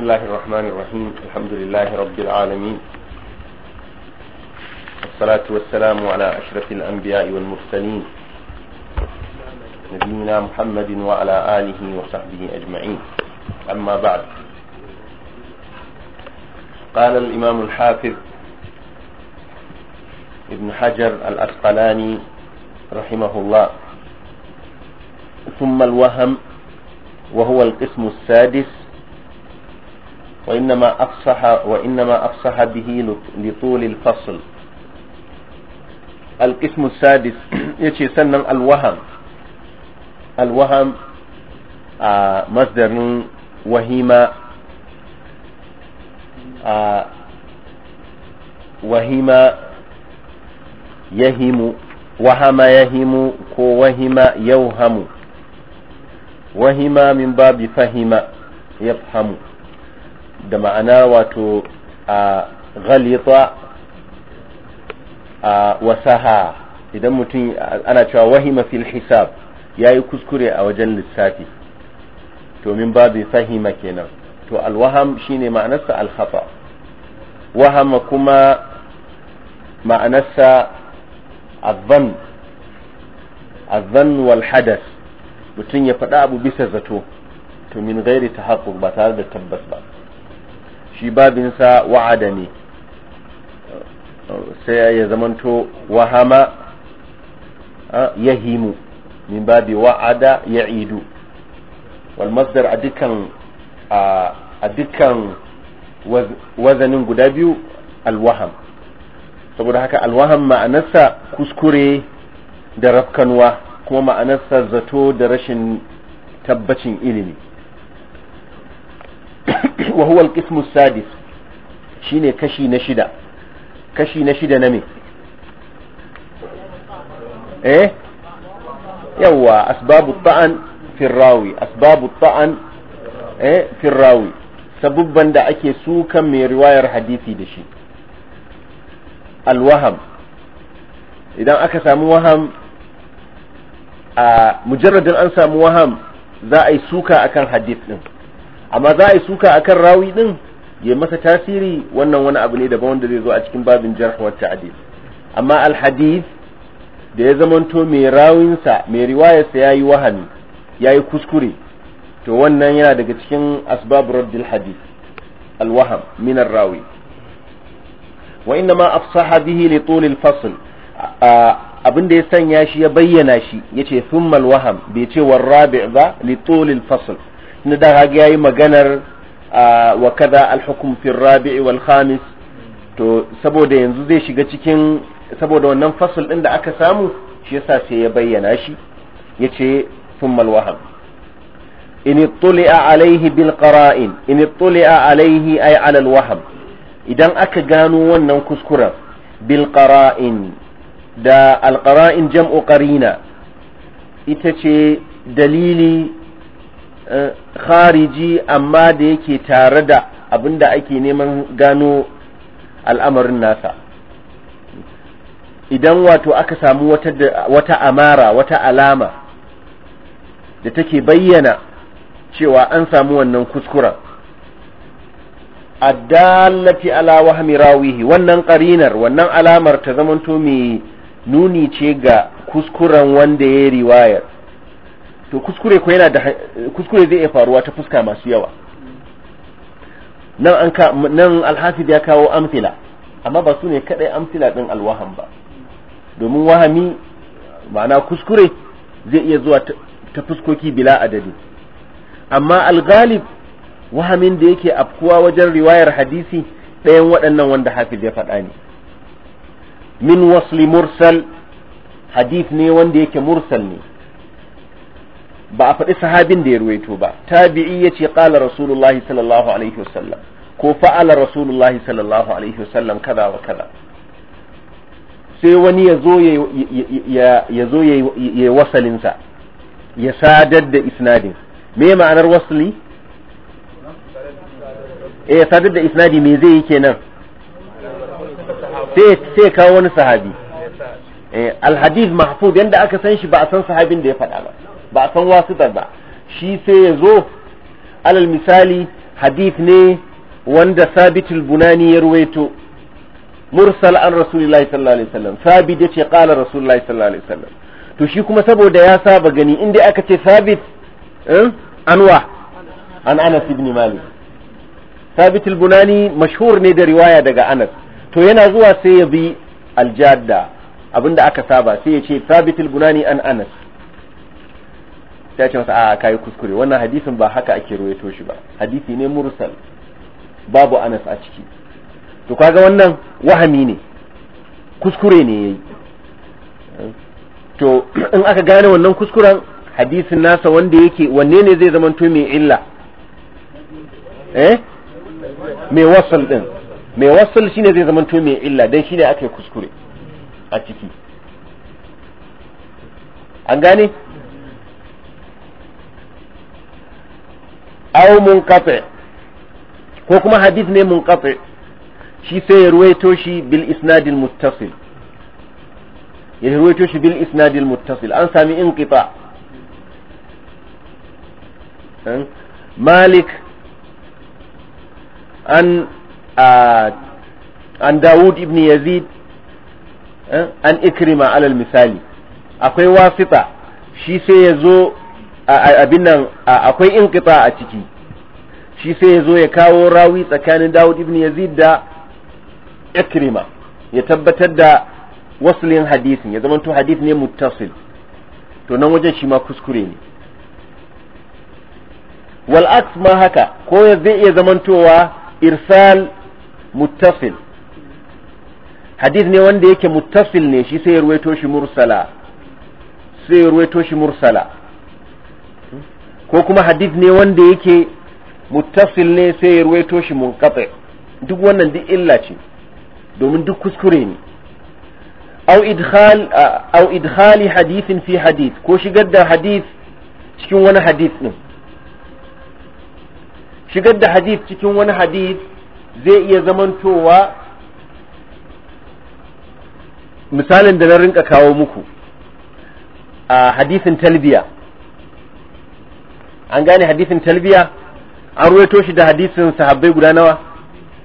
بسم الله الرحمن الرحيم الحمد لله رب العالمين والصلاة والسلام على أشرف الأنبياء والمرسلين نبينا محمد وعلى آله وصحبه أجمعين أما بعد قال الإمام الحافظ ابن حجر الأسقلاني رحمه الله ثم الوهم وهو القسم السادس وإنما أفصح وإنما أفصح به لطول الفصل القسم السادس يجي سنن الوهم الوهم آه، مصدر وهيمة آه، وهيمة يهم وهم يهم كو وهم يوهم وهم من باب فهم يفهم da ma'ana wato a ghalita a wasaha idan mutum ana cewa wahima fil hisab yayi kuskure a wajen lissafi to min babu fahima kenan to alwaham shine ma'anarsa alkhata wahama kuma ma'anarsa azzan azzan wal hadas mutum ya faɗa abu bisa zato to min ta tahaqquq ba tare da tabbas ba shi babinsa wa'ada ne sai ya zamanto wahama ya himu min babi wa'ada ya idu walmasdar a dukkan wazanin guda biyu alwaham saboda haka alwaham ma'anarsa kuskure da rafkanwa kuma ma'anarsa zato da rashin tabbacin ilimi wa huwa al sadis shine kashi na shida kashi na shida na eh? yawa asbabu ta'an fi rawi ta'an eh fi rawi ake sukan mai riwayar hadisi da shi alwaham idan aka samu waham a mujarradin an samu waham za a yi suka akan hadis ɗin. amma za a yi suka akan rawi din ya masa tasiri wannan wani abu ne daban wanda zai zo a cikin babin jarh wa ta'dil amma al da ya zamanto mai rawinsa mai riwayarsa yayi wahami yayi kuskure to wannan yana daga cikin asbab raddil hadith al waham min rawi wa inna ma afsaha bihi li tul al fasl abin da ya sanya shi ya bayyana shi yace thumma al waham bai ce war rabi' ba li tul al fasl na da ga yayi maganar wa kaza al-hukm fi rabi wal khamis to saboda yanzu zai shiga cikin saboda wannan fasul din da aka samu shi yasa sai ya bayyana shi yace thumma al wahab in ittuli'a alayhi bil qara'in in ittuli'a alayhi ay ala al wahab idan aka gano wannan kuskuren bil qara'in da al-qara'in jam'u qarina ita ce dalili khariji amma da yake tare da abinda ake neman gano al'amarin nasa idan wato aka samu wata amara wata alama da take bayyana cewa an samu wannan kuskuren addallati ala wahmi rawihi wannan qarinar wannan alamar ta zamanto mai nuni ce ga kuskuren wanda ya riwayar to kuskure ko yana da kuskure zai iya faruwa ta fuska masu yawa nan an ka nan alhafid ya kawo amfila amma ba su ne kadai amfila din alwaham ba domin wahami ma'ana kuskure zai iya zuwa ta fuskoki bila adadi amma alghalib wahamin da yake afkuwa wajen riwayar hadisi ɗayan waɗannan wanda hafiz ya faɗa ne min wasli mursal hadith ne wanda yake mursal ne ba a faɗi sahabin da ya ruwaito ba tabi'i ce qala rasulullahi sallallahu alaihi wasallam ko fa'ala rasulullahi sallallahu alaihi wasallam kaza wa kaza sai wani ya zo ya zo ya wasalin ya sadar da isnadin me ma'anar wasli eh sadar da isnadi me zai yi kenan sai sai kawo wani sahabi eh alhadith mahfuz yanda aka san shi ba a san sahabin da ya faɗa ba ba a san wasitar ba shi sai ya zo alal misali hadith ne wanda sabitul bunani ya ruwaito mursal an rasulullahi sallallahu alaihi wasallam sabit yace qala rasulullahi sallallahu alaihi wasallam to shi kuma saboda ya saba gani inda aka ce sabit eh, anwa an Anas ibn Malik sabit al-bunani mashhur ne da riwaya daga Anas to yana zuwa sai ya bi al-jadda abinda aka saba sai ya ce sabit al-bunani an Anas ya ce masa a kai kuskure wannan hadisin ba haka ake ruwaito shi ba hadisi ne mursal babu anas a ciki to kaga wannan wahami ne kuskure ne yayi to in aka gane wannan kuskuren hadisin nasa wanda yake wanne ne zai zama to mai illa eh mai wasal din mai wasal shine zai zama to mai illa dan shine aka kuskure a ciki an gane aw munqati ko kuma hadith ne munqati shi sai ya ruwaito shi bil isnadil muttasil ya ruwaito shi bil isnadil muttasil an sami inqita malik an an dawud ibn yazid an ikrima alal misali akwai wasita shi sai ya zo abin nan akwai inqita a ciki shi sai ya zo ya kawo rawi tsakanin Dawud ibn Yazid da Ikrima ya tabbatar da waslin hadisin ya zamanto hadith ne muttasil to nan wajen shi ma kuskure ne wal aks ma haka ko zai iya zamantowa irsal muttasil hadith ne wanda yake muttasil ne shi sai ya ruwaito shi mursala sai ya ruwaito shi mursala ko kuma hadith ne wanda yake muttasil ne sai ya ruwaito shi munqati duk wannan duk illa ce domin duk kuskure ne au idkhal au idkhali hadithin fi hadith ko shigar da hadith cikin wani hadith din shigar da hadith cikin wani hadith zai iya zamantowa misalin da na rinka kawo muku a hadithin talbiya an gane hadisin talbiya an ruwaito shi da hadisin sahabbai guda nawa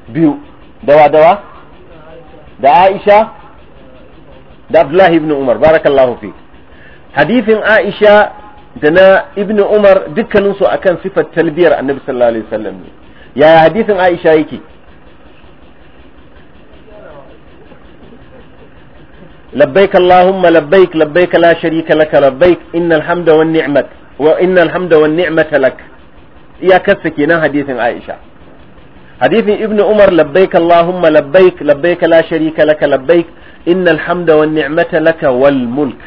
biyu dawa dawa da Aisha da Abdullahi ibn Umar barakallahu fi hadisin Aisha da na ibn Umar dukkanin su akan sifar talbiyar Annabi sallallahu alaihi wasallam ne yaya hadisin Aisha yake labbaik Allahumma labbaik labbaik la sharika laka labbaik innal hamda wan ni'mat wa innal hamda wan ni'mata lak iyakarsa kenan hadisin Aisha hadisin Ibn Umar labbaik Allahumma labbaik labbaik la sharika lak labbaik innal hamda wan ni'mata lak wal mulk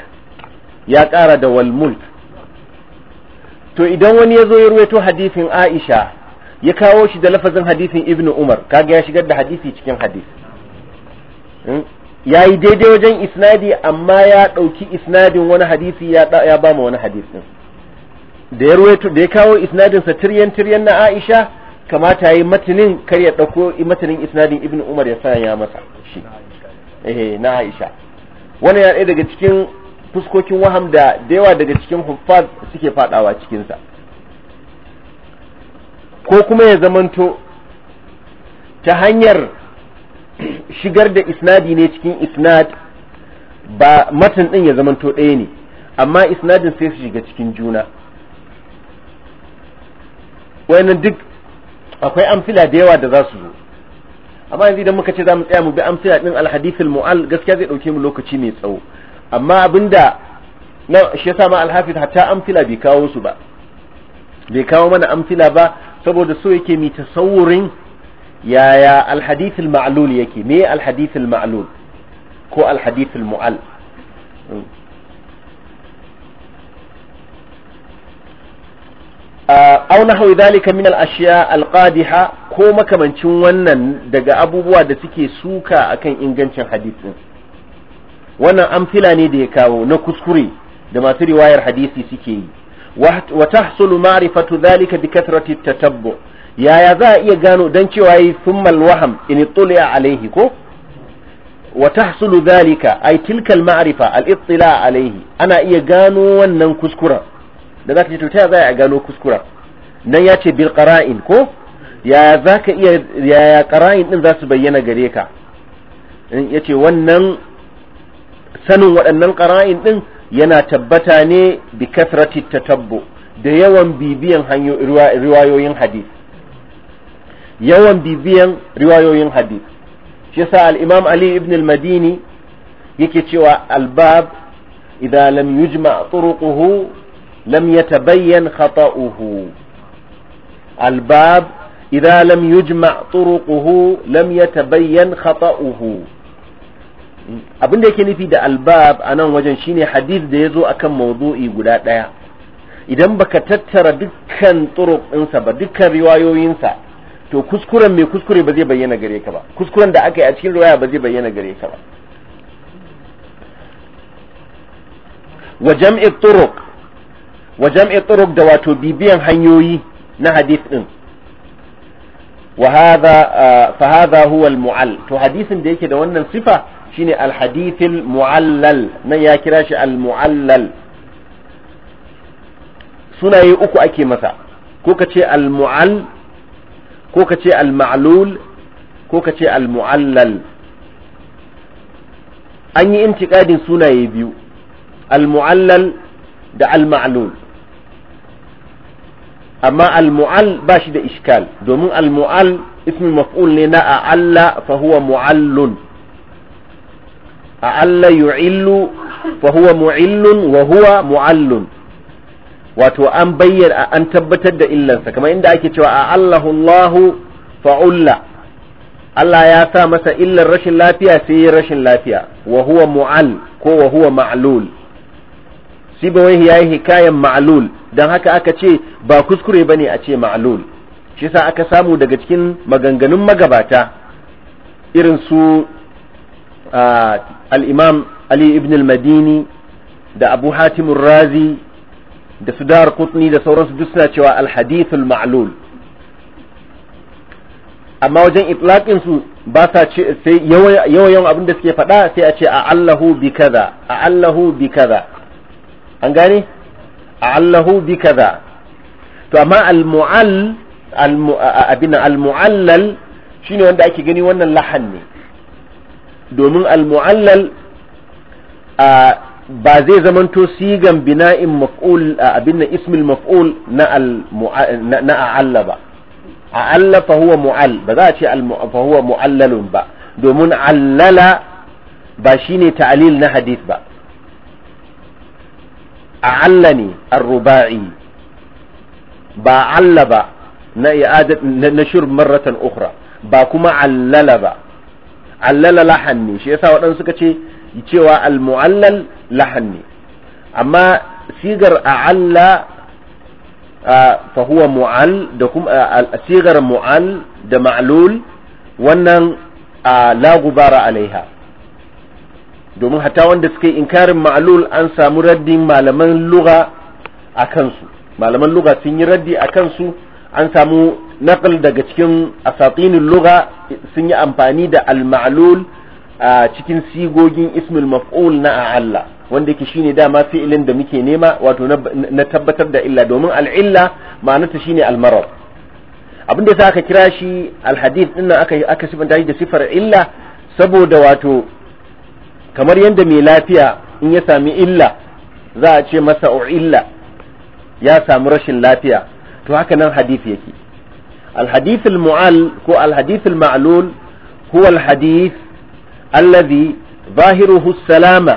ya kara da wal mulk to idan wani ya zo ya ruwaito hadisin Aisha ya kawo shi da lafazin hadisin ibnu Umar kaga ya shigar da hadisi cikin hadisi hmm? ya yi daidai wajen isnadi amma ya ɗauki isnadin wani hadisi ya ba mu wani hadisin da ya ruwaito da ya kawo isnadin sa tiryan tiryan na Aisha kamata yayi matanin kar ya dauko matanin isnadin Ibn Umar ya sanya masa shi eh na Aisha wannan ya daga cikin fuskokin waham da da daga cikin huffaz suke fadawa cikin sa ko kuma ya zamanto ta hanyar shigar da isnadi ne cikin isnad ba matan din ya zamanto ɗaya ne amma isnadin sai su shiga cikin juna wayannan duk akwai amfila da yawa da za su zo amma yanzu idan muka ce za mu tsaya mu bi amfila din alhadith almu'al gaskiya zai dauke mu lokaci mai tsawo amma abinda na shi yasa ma alhafiz hatta amfila bai kawo su ba bai kawo mana amfila ba saboda so yake mi tasawurin yaya alhadith alma'lul yake me alhadith alma'lul ko alhadith almu'al aw nahwi dhalika min al ashiya al-qadiha ko makamancin wannan daga abubuwa da suke suka akan ingancin hadisi wannan amfila ne da ya kawo na kuskure da masu riwayar hadisi suke yi wa tahsulu ma'rifatu dhalika bi kathrati tatabbu yaya za a iya gano dan cewa yi thumma al-waham in tuliya alayhi ko wa tahsulu dhalika ay tilka al-ma'rifa al-ittila ana iya gano wannan kuskuren da za ka ce tuta za a gano kuskura nan ya ce bil qara'in ko ya za ka iya yaya qara'in din za su bayyana gare ka ya ce wannan sanin waɗannan ƙara'in din yana tabbata ne bi ta tatabbu da yawan bibiyan riwayoyin hadith yawan bibiyan riwayoyin hadith shi yasa al-Imam Ali ibn al-Madini yake cewa albab bab lam yujma turuquhu لم يتبين خطأه الباب إذا لم يجمع طرقه لم يتبين خطأه abin da yake nufi da albab a nan wajen shine hadith da ya zo akan mawdu'i guda ɗaya idan baka tattara dukkan turuq ɗinsa ba dukkan riwayoyinsa to kuskuren mai kuskure ba zai bayyana gare ka ba kuskuren da aka yi a cikin riwaya ba zai bayyana gare ka ba wa jam'i turuk. wa jam'i turuq da wato bibiyan hanyoyi na hadith din wa hadha fa hadha huwa al-mu'all to hadisin da yake da wannan sifa shine al-hadith al-mu'allal nan ya kira shi al-mu'allal sunaye uku ake masa ko ka ce al-mu'all ko ka ce al-ma'lul ko ka ce al-mu'allal an yi intiƙadin sunaye biyu al-mu'allal da al-ma'lul amma al-mu'al ba shi da iskal domin al-mu'al ismin maf'ul ne na a'alla fa huwa mu'allun a'alla yu'illu fa huwa mu'illun wa huwa mu'allun wato an bayyana an tabbatar da illansa kamar inda ake cewa a'allahu Allahu fa'ulla Allah ya sa masa illar rashin lafiya sai rashin lafiya wa huwa mu'al ko wa huwa ma'lul sibawaihi yayi hikayan ma'lul dan haka aka ce ba kuskure bane a ce ma'lul shi yasa aka samu daga cikin maganganun magabata irin su al-imam Ali ibn al-Madini da Abu Hatim razi da su dar da sauransu duk suna cewa al-hadithul ma'lul amma wajen itlaqin su ba sa ce sai yawan abin da suke faɗa sai a ce a Allahu bi kaza a Allahu bi kaza an gane allahu bi kaza to amma al-mu'all abin al-mu'allal shine wanda ake gani wannan lahan ne domin al-mu'allal ba zai zamanto sigan bina'in maf'ul abin ismil maf'ul na a'alla ba a'alla fa huwa mu'all ba za a ce fa huwa mu'allalun ba domin allala ba shine ta'lil na hadith ba a ne ar-ruba'i ba alla ba na i'adat na shur marratan ukhra ba kuma allala ba allala lahan ne shi yasa waɗansu suka ce cewa al-mu'allal lahan ne amma sigar a'alla fa huwa mu'al da kuma sigar mu'al da ma'lul wannan la gubara alaiha domin hata wanda suka yi inkarin ma'lul an samu raddin malaman lugha a kansu malaman lugha sun yi raddi a kansu an samu naqal daga cikin asatinin lugha sun yi amfani da al-ma'lul a cikin sigogin ismul maf'ul na Allah wanda yake shine dama fi'ilin da muke nema wato na tabbatar da illa domin al-illa ma'anarta shine al-marad abin da yasa aka kira shi al-hadith din aka aka sifanta shi da sifar illa saboda wato kamar yadda mai lafiya in ya sami illa za a ce masa illa ya samu rashin lafiya to haka nan hadith yake الحديث المعل هو الحديث المعلول هو الحديث الذي ظاهره السلامة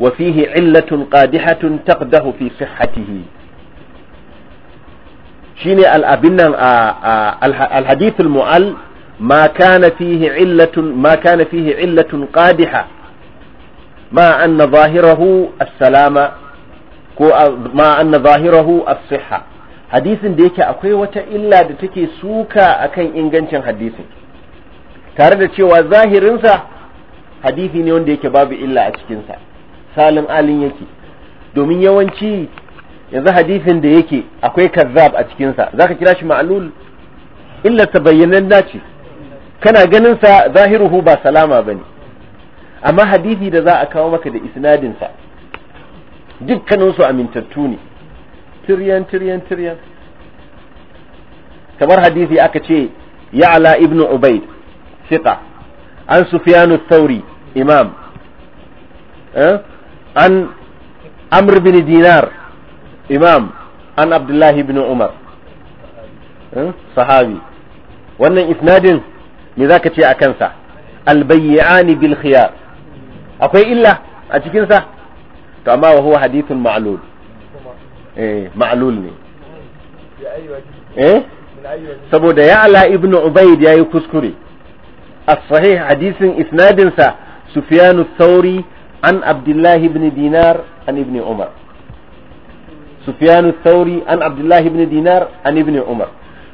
وفيه علة قادحة تقده في صحته شيني الأبنان الحديث المعل ما كان فيه علة ما كان فيه علة قادحة مع أن ظاهره السلامة مع أن ظاهره الصحة حديث da yake akwai wata illa da take suka akan ingancin hadisin tare da cewa zahirinsa hadisi ne wanda yake babu illa a cikinsa salin alin yake domin yawanci yanzu hadisin da yake akwai kazzab a cikinsa zaka kira shi ma'lul illa ta bayyanan ce kana ganin sa zahiruhu ba salama bane amma hadisi da za a kawo maka da isnadin sa dukkanin su amintattu ne tiryan tiryan tiryan kamar hadisi aka ce ya'la ibnu ubayd thiqa an sufyan thawri imam eh? an amr bin dinar imam an abdullahi ibn umar eh? sahabi wannan isnadin me za ka ce a kansa albayyani bil khiyar akwai illa a cikinsa to amma wa huwa hadithun ma'lul eh ma'lul ne eh saboda ala ibnu ubayd yayi kuskure as-sahih hadithin isnadin sa sufyan ath-thawri an abdullah ibn dinar an ibn umar sufyan ath-thawri an abdullah ibn dinar an ibn umar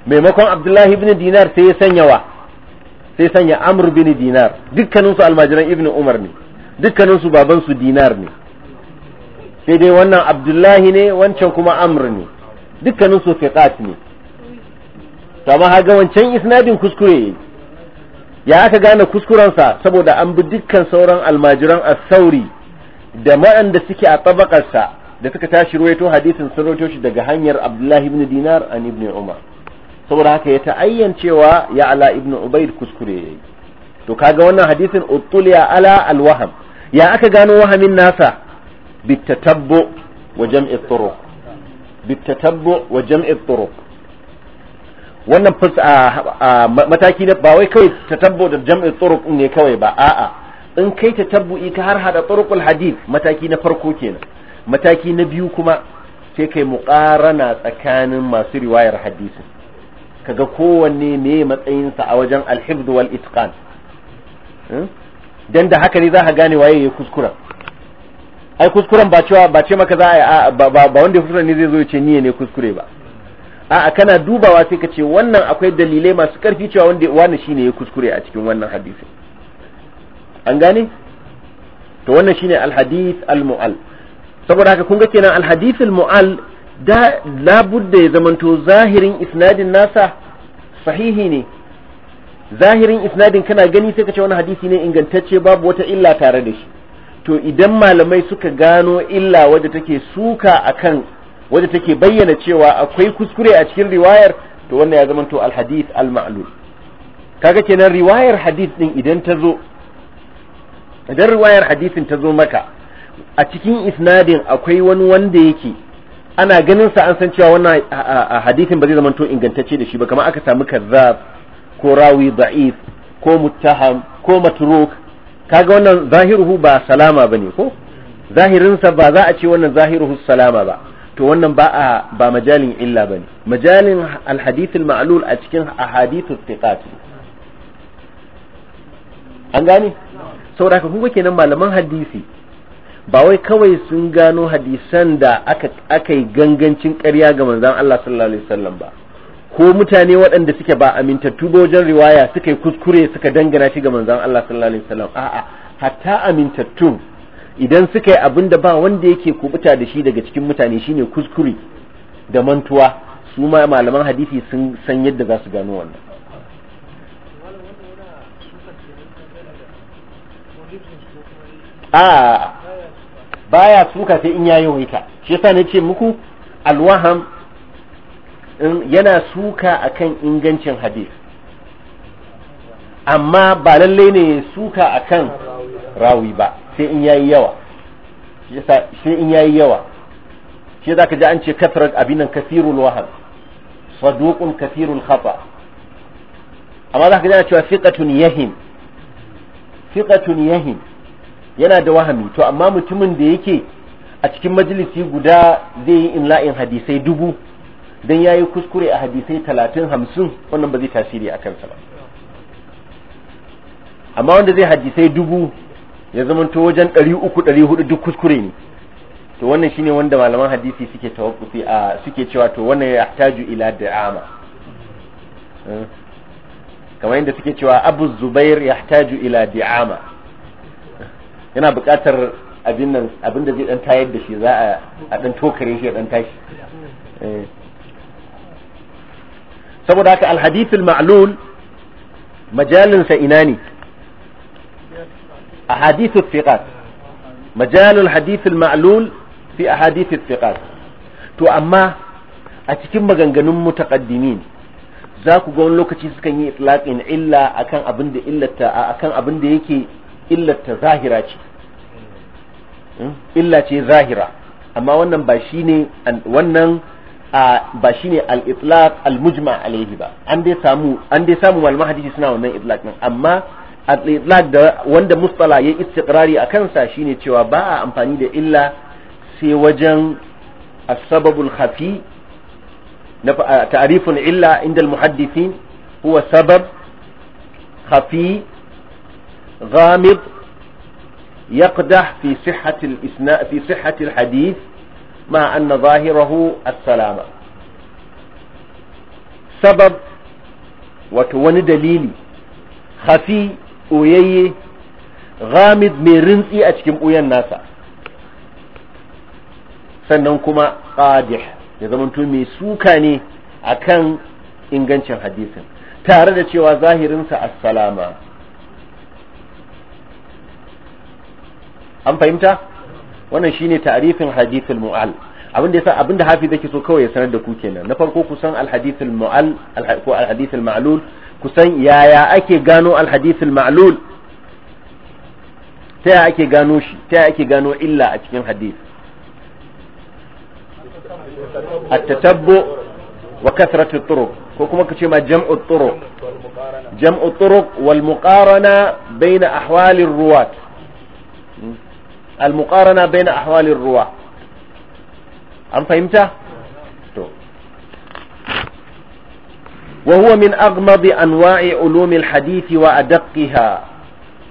maimakon abdullah ibn dinar sai ya sanya wa sai sanya amur bini dinar dukkaninsu almajiran ibn umar ne dukkaninsu babansu dinar ne sai dai wannan abdullahi ne wancan kuma amr ne dukkaninsu fiqat ne amma haga wancan isnadin kuskure ya aka gane kuskurensa saboda an bi dukkan sauran almajiran as-sauri da waɗanda suke a tabakarsa da suka tashi ruwaito hadisin sun ruwaito shi daga hanyar abdullahi ibn dinar an ibn umar saboda haka ya ta'ayyan cewa ya ala ibn ubaid kuskure yayi to kaga wannan hadisin utuliya ala alwaham ya aka gano wahamin nasa bitatabbu wa jam'i turuq bitatabbu wa jam'i turuq wannan mataki na ba wai kawai tatabbu da jam'i turuq ne kawai ba a'a in kai tatabbu'i ka har hada turuqul hadith mataki na farko kenan mataki na biyu kuma sai kai muqarana tsakanin masu riwayar hadisin kaga kowanne ne matsayinsa a wajen alhifd wal itqan hmm? dan da haka ne za ka gane waye ya kuskura ai kuskuren ba cewa ba ce maka za a ba ba wanda kuskure ne zai zo ya ce niyya ne kuskure ba a kana dubawa sai ka ce wannan akwai dalilai masu karfi cewa wanda wani shine ya kuskure a cikin wannan hadisi an gane to wannan shine alhadith almu'al saboda haka kun ga kenan alhadith almu'al da labudda ya zamanto zahirin isnadin nasa sahihi ne zahirin isnadin kana gani sai ka ce wani hadisi ne ingantacce babu wata illa tare da shi to idan malamai suka gano illa wadda take suka akan wadda take bayyana cewa akwai kuskure a cikin riwayar to wannan ya zamanto alhadith alma'lul kaga kenan riwayar hadith din idan ta zo idan riwayar hadisin ta zo maka a cikin isnadin akwai wani wanda yake ana ganin sa an san cewa wannan hadisin ba zai zama to ingantacce da shi ba kamar aka samu kazzab ko rawi da'if ko muttaham ko matruk kaga wannan zahiruhu ba salama bane ko zahirinsa ba za a ce wannan zahiruhu salama ba to wannan ba a ba majalin illa bane majalin alhadithul ma'lul a cikin ahadithul thiqat an gane saboda haka kun kenan malaman hadisi ba wai kawai sun gano hadisan da aka yi gangancin ƙarya ga manzan Allah sallallahu alaihi wasallam ba ko mutane waɗanda suke ba amintattu ba wajen riwaya suka yi kuskure suka dangana shi ga manzan Allah sallallahu alaihi wasallam a'a hatta amintattun idan suka yi abin da ba wanda yake kubuta da shi daga cikin mutane shine kuskure da mantuwa su ma malaman hadisi sun san yadda za su gano wannan a baya suka sai in ya yawaita shi yasa na ce muku alwaham yana suka akan ingancin hadis amma ba lalle ne suka akan rawi ba sai in yayi yawa sai in yayi yawa shi za ka ji an ce kasrat abinan kasirul waham saduqun kasirul khata amma za ka ji ana cewa fiqatun yahim fiqatun yahim yana da wahami to amma mutumin da yake a cikin majalisi guda zai yi inla'in hadisai dubu don ya yi kuskure a hadisai talatin hamsin wannan ba zai tasiri a kansa ba amma wanda zai hadisai dubu ya to wajen ɗari uku ɗari hudu duk kuskure ne to wannan shine wanda malaman hadisi suke tawakkufi a suke cewa to wannan ya taju ila da'ama eh. kamar yadda suke cewa abu zubair ya taju ila da'ama yana buƙatar abin nan abin da zai dan tayar da shi za a dan tokare shi ya dan tashi eh. saboda haka alhadithul ma'lul majalinsa ina ne ahadithul thiqat majalul hadithul ma'lul fi ahadithul thiqat to amma a cikin maganganun mutaqaddimin za ku ga wani lokaci sukan yi itlaqin illa akan abin da illata akan abin da yake Illata zahira ce hmm? illa ce zahira amma wannan ba shine wannan ba shine al-itlaq al-mujma alayhi ba an dai samu an dai samu malaman hadisi suna wannan itlaq din amma al-itlaq da wanda mustala ya istiqrari a kansa shine cewa ba a amfani da illa sai wajen as-sababul khafi na ta'rifun illa inda al-muhaddithin huwa sabab khafi غامض يقدح في صحة الإسناء في صحة الحديث مع أن ظاهره السلامة سبب وتوني دليلي خفي أويي غامض من رنسي أشكم أويا الناس سننكما قادح يزمن تومي سوكاني أكن ingancin hadisin tare da cewa zahirinsa assalama an fahimta wannan shine ta'rifin hadithul mu'al abin da yasa abin da hafi zake so kawai ya sanar da ku kenan na farko ku san al hadithul mu'al ko al hadithul ma'lul ku san yaya ake gano al hadithul ma'lul ta yaya ake gano shi ta yaya ake gano illa a cikin hadith at-tatabbu wa kasratu turuq ko kuma kace ma jam'u turuq jam'u turuq wal muqarana bayna ahwali ruwat al-muqarana bayna ahwalir ruwa an fahimta to wa huwa min aghmadi anwa'i ulumil hadith wa adaqqiha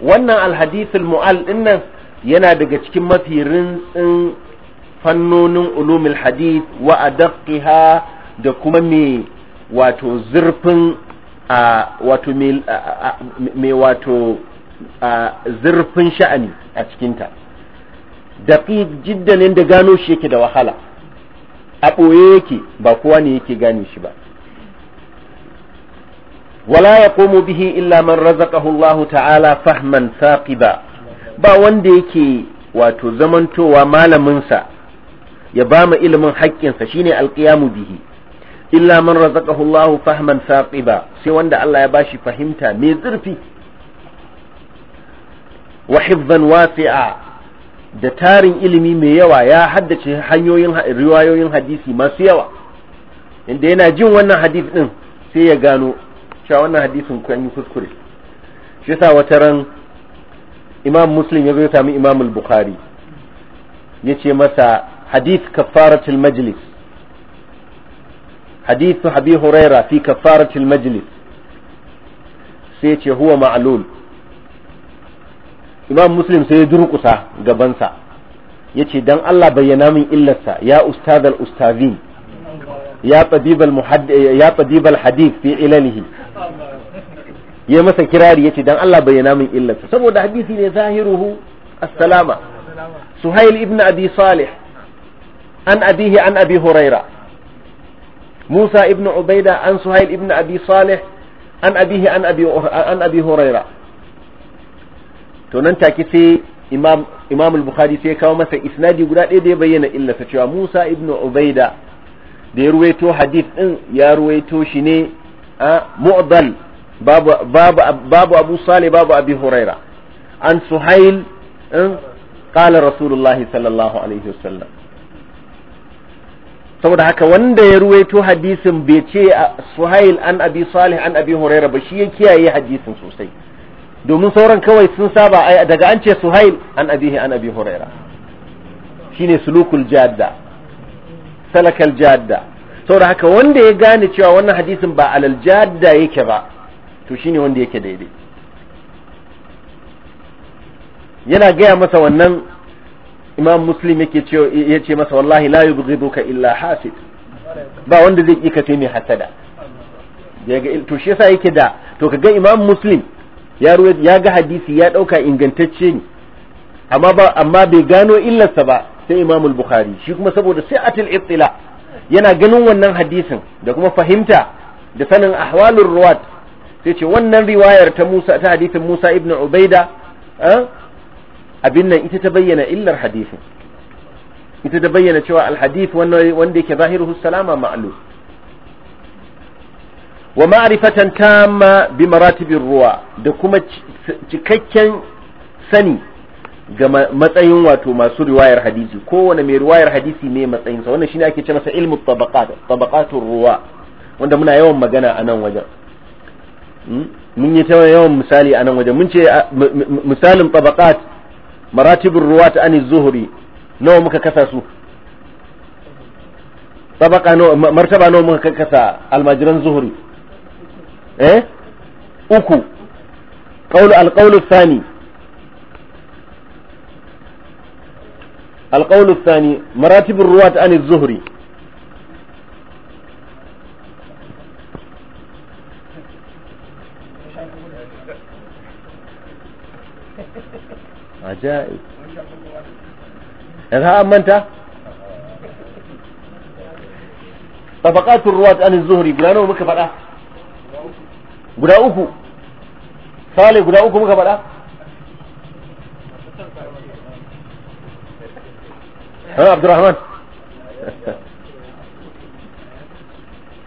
wannan al mu'al al yana daga cikin mafi rintsin fannonin ulumil hadith wa adaqqiha da kuma me a wato me wato zurfin sha'ani a cikinta jidda jiddan da gano shi yake da wahala a ɓoye yake ba kowa ne yake gane shi ba wala ya komo bihi illa man razaqahu Allah ta'ala fahman saqiba ba wanda yake wato zamantowa malamin sa ya ba ilimin ilimin haƙƙinsa shine alƙiyamu bihi illa man razaqahu Allah fahman saqiba sai wanda Allah ya bashi fahimta mai zurfi wa hifdhan wasi'a da tarin ilimi mai yawa ya haddace hanyoyin riwayoyin hadisi masu yawa inda yana jin wannan hadis din sai ya gano cewa wannan hadisin kun yi kuskure shi yasa wata ran imam muslim ya zo ya sami imam al-bukhari ya ce masa hadis kafaratul majlis hadith abi huraira fi kafaratul majlis sai ya ce huwa ma'lul imam muslim sai ya durkusa gabansa ya ce don Allah bayyana min illarsa ya ustadal ustazin ya tabibal hadith fi ilalihi ya masa kirari ya ce don Allah bayyana min illarsa saboda hadisi ne zahiruhu assalama suhail ibn abi salih an abihi an abi huraira musa ibn ubaida an suhail ibn abi salih an abihi an abi huraira to nan take sai imam imam al-bukhari sai ya kawo masa isnadi guda ɗaya da ya bayyana illa cewa musa ibnu ubaida da ya ruwaito hadith din ya ruwaito shi ne a mu'dal babu babu babu abu salih babu abi huraira an suhail qala rasulullahi sallallahu alaihi wasallam saboda haka wanda ya ruwaito hadisin bai ce suhail an abi salih an abi huraira ba shi ya kiyaye hadisin sosai domin sauran kawai sun saba daga an ce suhail an abihi an abi huraira shine sulukul jadda salakal jadda saboda haka wanda ya gane cewa wannan hadisin ba alal jadda yake ba to shine wanda yake daidai yana gaya masa wannan imam muslim yake ce masa wallahi la ka illa hasid ba wanda zai kika sai mai hasada to shi yasa yake da to kaga imam muslim ya ruwa ya ga hadisi ya dauka ingantacce ne amma bai gano illarsa ba sai imamul al-Bukhari shi kuma saboda atil ibtila yana ganin wannan hadisin da kuma fahimta da sanin ahwalur ruwat sai ce wannan riwayar ta Musa ta hadisin Musa ibn Ubaida eh, abin nan ita ta bayyana illar hadisin ita ta bayyana cewa al-hadith wanda yake zahiruhu salama ma'lum wa ma'rifatan tamma bi maratibir ruwa da kuma cikakken sani ga matsayin wato masu riwayar hadisi kowane mai riwayar hadisi ne matsayin sa wannan shine ake ce masa ilmu tabaqat tabaqatur ruwa wanda muna yawan magana a nan wajen hmm? mun yi ta yawan misali a nan wajen mun ce misalin tabaqat maratibin ruwa ta ani zuhuri nawa muka kasa su nawa martaba nawa muka kasa almajiran zuhuri ايه uku قول القول الثاني القول الثاني مراتب الرواة عن الزهري عجائب أم أنت؟ طبقات الرواة عن الزهري قلنا مكفر أحسن guda uku sale guda uku muka faɗa ha abdurrahman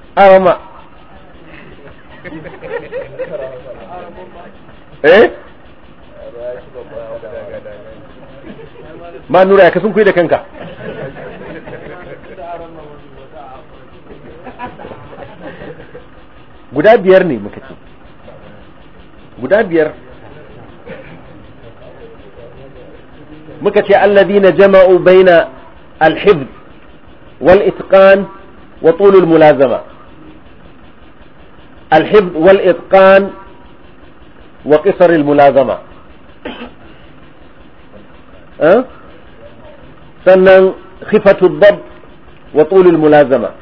mama eh ma nura ya kasan kuyi da kanka guda biyar ne muka ce guda biyar muka ce allazina jama'u baina al-hifz wal itqan wa tulul mulazama al-hifz wal itqan wa qisar al-mulazama sannan khifatu ad-dab wa tulul mulazama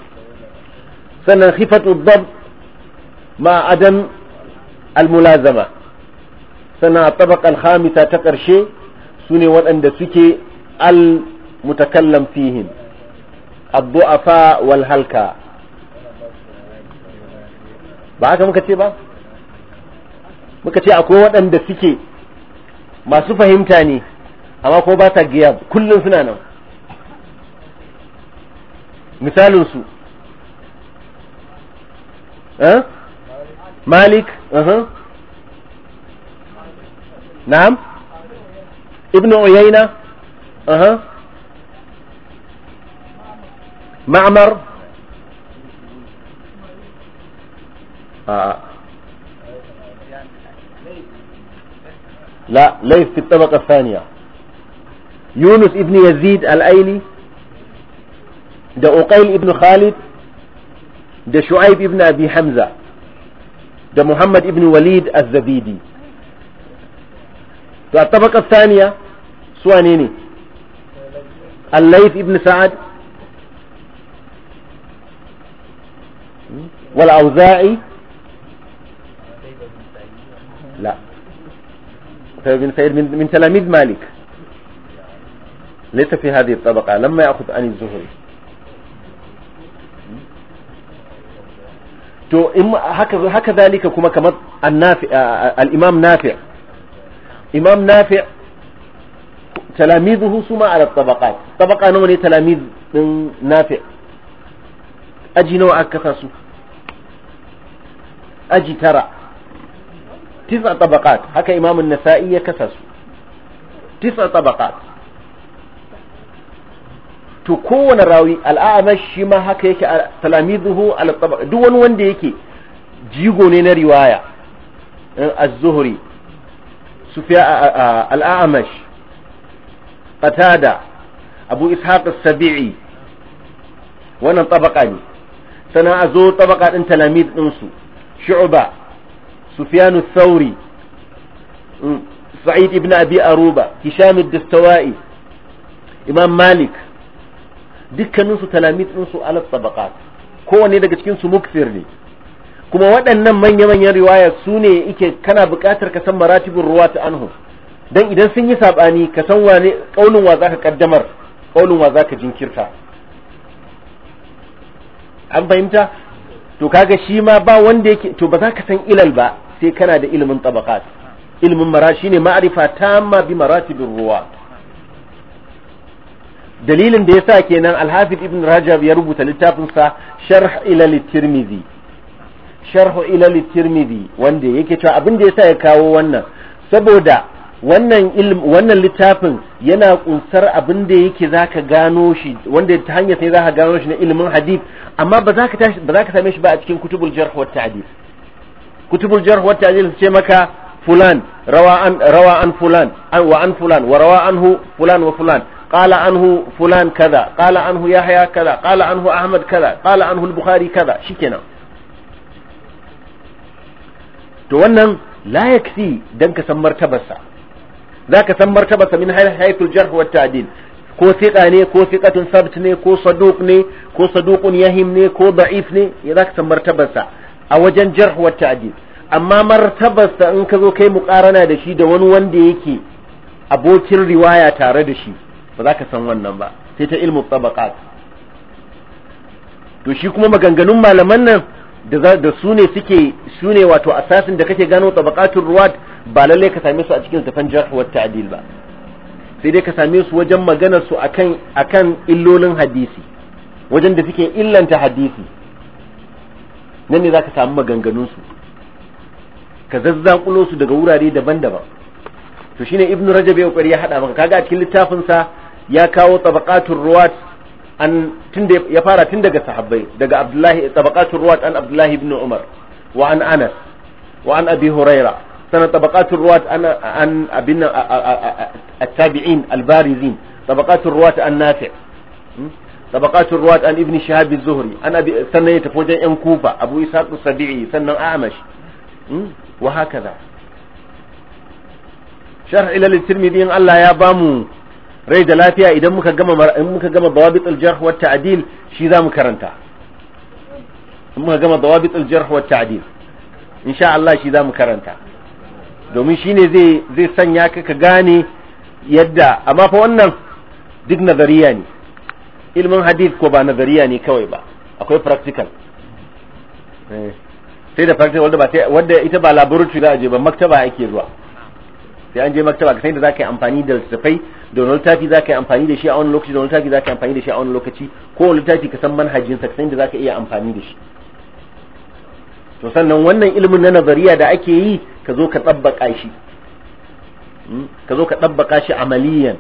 sannan khifatu ad-dab ma adam almulazama sannan a tabakal hamita ta ƙarshe su ne waɗanda suke al-mutakallam fihim addu'afa wal halka ba haka muka ce ba muka ce akwai waɗanda suke masu fahimta ne amma ko ba ta giya kullum suna nan misalinsu eh? مالك أه. نعم ابن عيينة أه. معمر آه. لا ليس في الطبقة الثانية يونس ابن يزيد الأيلي ده أقيل ابن خالد ده شعيب ابن أبي حمزة ده محمد ابن وليد الزبيدي الطبقة الثانية سوانيني الليث ابن سعد والأوزاعي لا طيب، بن سعيد من تلاميذ مالك ليس في هذه الطبقة لما يأخذ عن الزهري to haka haka zalika kuma kamar annafi al-imam nafi imam nafi talamizuhu suma ala tabaqat tabaqa nawa ne talamiz din nafi aji nawa aka kasa su aji tara tisa tabaqat haka imam an-nasa'i ya kasa su tisa tabaqat to kowane rawi al'amash shi ma haka yake talamizuhu al-tabaq duk wani wanda yake jigo ne na riwaya eh, az-zuhri sufya al-a'mash qatada abu ishaq as-sabi'i wannan tabaka ne sana a zo tabaka din talamiz din su shu'ba sufyan ath-thawri mm, sa'id ibn abi aruba hisham ad-dastawai imam malik dukkaninsu talamit ɗinsu alaf sabaqat kowanne daga cikinsu Muksir ne kuma waɗannan manya-manyan riwaya su ne yake kana buƙatar ka san maratibin ruwa ta anhu don idan sun yi saɓani ka san wane ƙaunin wa za ka ƙaddamar ƙaunin wa za ka jinkirta an fahimta to kaga shi ma ba wanda yake to ba za ka san ilal ba sai kana da ilimin tabaqat Ilmin mara shine ma'rifa tamma bi maratibin ruwa dalilin da yasa kenan al-hafiz ibn rajab ya rubuta littafin sa sharh ila tirmidhi sharh ila tirmidhi wanda yake cewa abin da yasa ya kawo wannan saboda wannan ilm wannan littafin yana kunsar abin da yake zaka gano shi wanda ta hanyar sai zaka gano shi na ilimin hadith amma ba za ka tashi ba za same shi ba a cikin kutubul jarh wa ta'dil kutubul jarh wa ta'dil ce maka fulan rawa an rawa an fulan wa an fulan wa rawa anhu fulan wa fulan قال عنه فلان كذا قال عنه يحيى كذا قال عنه أحمد كذا قال عنه البخاري كذا شكنا to wannan la dan ka san martabarsa za ka san martabarsa min ko siƙa ne ko siƙatun sabt ne ko saduq ne ko saduqun yahim ne ko da'if ne ya za ka san martabarsa a wajen jarh wa ta'dil amma martabarsa in ka zo kai muqarana da shi da wani wanda yake abokin riwaya tare da shi ba za ka san wannan ba sai ta ilmu tabaqat to shi kuma maganganun malaman nan da su ne suke su ne wato asasin da kake gano tabaqatul ruwat ba lalle ka same su a cikin tafan jarh wa ta'dil ba sai dai ka same su wajen maganar su akan akan illolin hadisi wajen da suke illanta hadisi nan ne zaka samu maganganun su ka zazzakulo su daga wurare daban-daban to shine ibnu rajab ya kokari ya hada maka kaga a cikin littafin sa ya kawo tabaqatul ruwat an tunda ya fara tun daga sahabbai daga abdullahi tabaqatul ruwat an abdullahi ibn umar wa an anas wa an abi huraira sana tabaqatul ruwat an an abin at-tabi'in al-barizin tabaqatul ruwat an nafi' hmm? tabaqatul ruwat an ibn shihab az-zuhri an abi sannan ya tafi wajen yan kufa abu ishaq as-sabi'i sannan a'mash hmm? wa hakaza sharh ila al-tirmidhi in Allah ya bamu rai da lafiya idan muka gama in muka gama dawabitul jarh wa ta'dil shi zamu karanta in muka gama dawabitul jarh wa ta'dil insha Allah shi zamu karanta domin shine zai zai sanya ka ka gane yadda amma fa wannan duk nazariya ne ilmin hadith ko ba nazariya ne kawai ba akwai practical eh, sai da practical wanda ba sai wanda ita ba laboratory za a je ba maktaba ake zuwa sai an je maktaba ka san da zaka yi amfani da littattafai da wani littafi za ka yi amfani da shi a wani lokaci da wani littafi za ka yi amfani da shi a wani lokaci ko wani littafi ka san manhajinsa ka san da za ka iya amfani da shi to sannan wannan ilimin na nazariya da ake yi ka zo ka tsabbaka shi hmm? ka zo ka tsabbaka shi amaliyan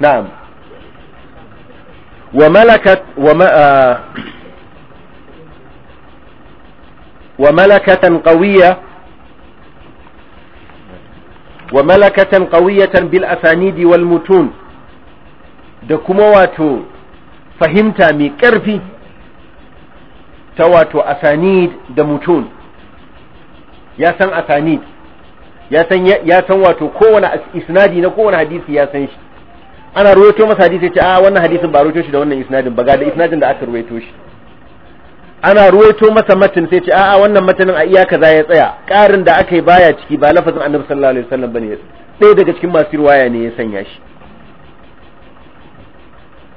na'am wa malakat wa ma ah, wa malakatan qawiyya وملكة قوية بالأسانيد والمتون da kuma wato fahimta mai ƙarfi ta wato asanid da mutun ya san asanid ya san wato kowane isnadi na kowane hadisi ya san shi ana ruwaito masa hadisi ce a ah, wannan hadisin ba ruwaito shi da wannan isnadin ba ga da isnadin da aka ruwaito shi ana ruwaito masa matin sai ce a'a wannan matanin a iya kaza ya tsaya ƙarin da aka yi baya ciki ba lafazin annabi sallallahu alaihi wasallam bane ɗaya daga cikin masu ruwaya ne ya sanya shi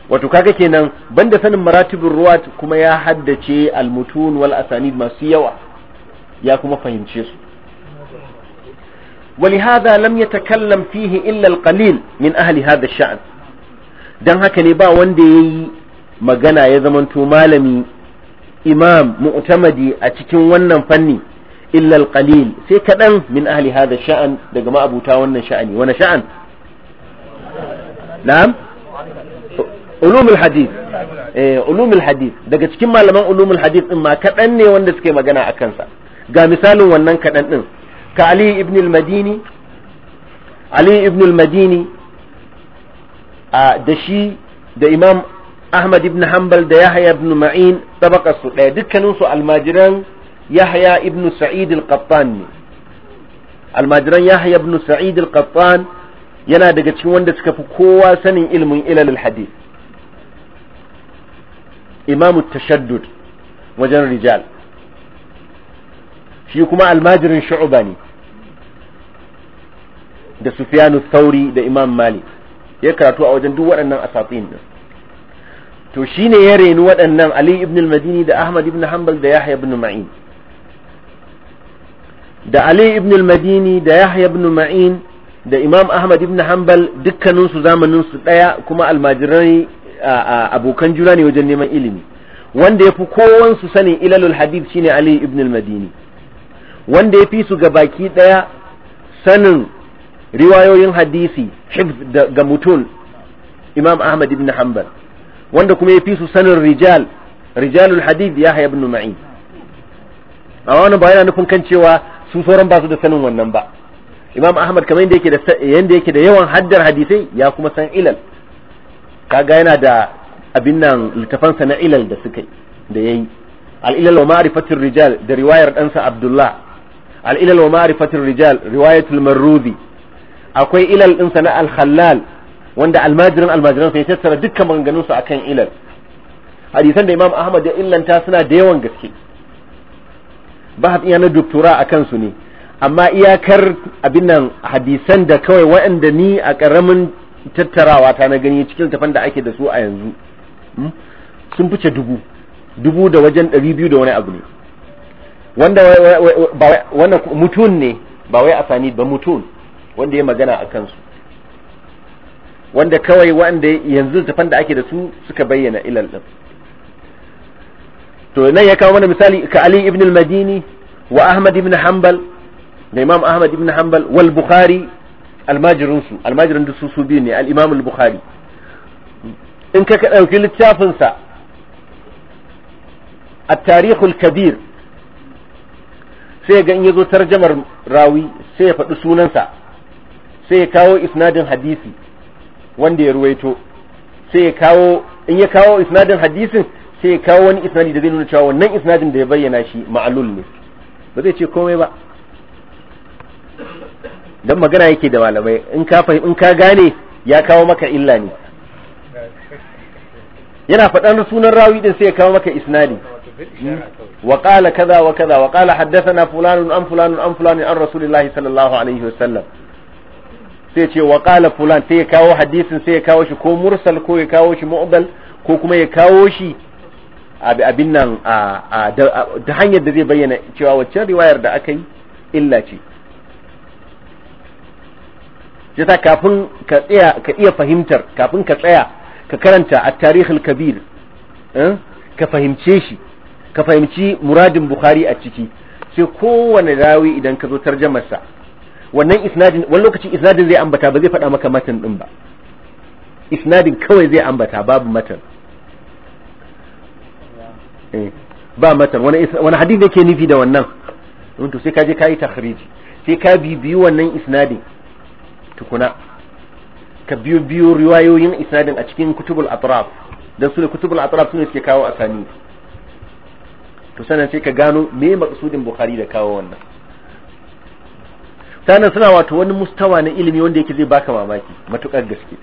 wato kaga kenan banda sanin maratibin ruwat kuma ya haddace almutun wal asanid masu yawa ya kuma fahimce su ولهذا لم يتكلم فيه إلا القليل من أهل هذا الشأن dan haka ne ba wanda yayi magana ya zamanto malami imam mu'tamadi a cikin wannan fanni illa qalil sai kadan min ahli hada sha'an daga ma'abuta wannan sha'ani wani sha'an na'am ulumul hadith eh ulumul hadith daga cikin malaman ulumul hadith din ma kadan ne wanda suke magana akan sa ga misalin wannan kadan din ka ali ibn al-madini ali ibn al-madini a da shi da imam Ahmad ibn Hanbal da Yahya ibn Ma'in sabaka su ɗaya dukkanin su almajiran Yahya ibn Sa'id al-Qattan ne almajiran Yahya ibn Sa'id al-Qattan yana daga cikin wanda suka fi kowa sanin ilmin ilal hadith Imam tashaddud wajen rijal shi kuma almajirin shu'uba ne da Sufyanu Thauri da Imam Malik ya karatu a wajen duk waɗannan asatin din to shine ya reni waɗannan Ali ibn al-Madini da Ahmad ibn Hanbal da Yahya ibn Ma'in da Ali ibn al-Madini da Yahya ibn Ma'in da Imam Ahmad ibn Hanbal dukkanin su zamanin su daya kuma almajirai abokan juna ne wajen neman ilimi wanda yafi fi kowan su sanin ilalul hadith shine Ali ibn al-Madini wanda ya fi su ga baki daya sanin riwayoyin hadisi ga mutum Imam Ahmad ibn Hanbal wanda kuma ya fi su sanin rijal rijalul hadith ya haya ibn ma'in a wannan ba yana nufin kan cewa su sauran ba su da sanin wannan ba imam ahmad kamar yadda yake da yanda yake da yawan haddar hadisai ya kuma san ilal kaga yana da abin nan littafansa na ilal da suka da yayi al ilal wa ma'rifatir rijal da riwayar ɗansa abdullah al ilal wa ma'rifatir rijal riwayatul marrudi akwai ilal ɗinsa na al wanda almajiran almajiran sai tattara dukkan maganganun su akan ilal hadisan da Imam Ahmad ya illanta suna da yawan gaske ba iya na doktora a kansu ne amma iyakar abin nan hadisan da kawai waɗanda ni a ƙaramin tattarawa ta na gani cikin tafan da ake da su a yanzu hmm, sun fice dubu dubu da wajen ɗari biyu da wani abu ne wanda mutun ne ba wai asani ba mutun wanda ya magana a kansu wanda kawai wanda yanzu tafan da ake da su suka bayyana ilal din to nan ya kawo mana misali ka Ali ibn al-Madini wa Ahmad ibn Hanbal da Imam Ahmad ibn Hanbal wal Bukhari al-Majrun su almajirin da su su biyu ne al-Imam al-Bukhari in ka dauki littafin sa at-Tarikh al-Kabir sai ga in yazo tarjamar rawi sai ya faɗi sunansa sai ya kawo isnadin hadisi wanda ya ruwaito sai ya kawo in ya kawo isnadin hadisin sai ya kawo wani isnadi da zai nuna cewa wannan isnadin da ya bayyana shi ma'alul ne ba zai ce komai ba dan magana yake da malamai in ka in ka gane ya kawo maka illa ne yana faɗan sunan rawi din sai ya kawo maka isnadi وقال كذا وكذا وقال حدثنا فلان عن an عن فلان an رسول الله sallallahu alaihi wa sallam. sai ce wa kala fulan sai ya kawo hadisin sai ya kawo shi ko mursal ko ya kawo shi mu'dal ko kuma ya kawo shi abin nan da hanyar da zai bayyana cewa waccan riwayar da aka yi illa ce yasa kafin ka ka iya fahimtar kafin ka tsaya ka karanta a tarihul kabir eh, ka fahimce shi ka fahimci muradin bukhari a ciki sai kowane rawi idan ka zo tarjamarsa wannan isnadin wani lokaci isnadin zai ambata ba zai faɗa maka matan din ba isnadin kawai zai ambata babu matan eh, ba matan wani hadith yake nufi da wannan to sai ka je ka yi takhriji sai ka bibiyi wannan isnadin tukuna ka biyo biyo riwayoyin isnadin a cikin kutubul atraf dan su ne kutubul atraf sune suke kawo asani to sanan sai ka gano me maqsudin bukhari da kawo wannan sannan suna wato wani mustawa na ilimi wanda yake zai baka mamaki matukar gaske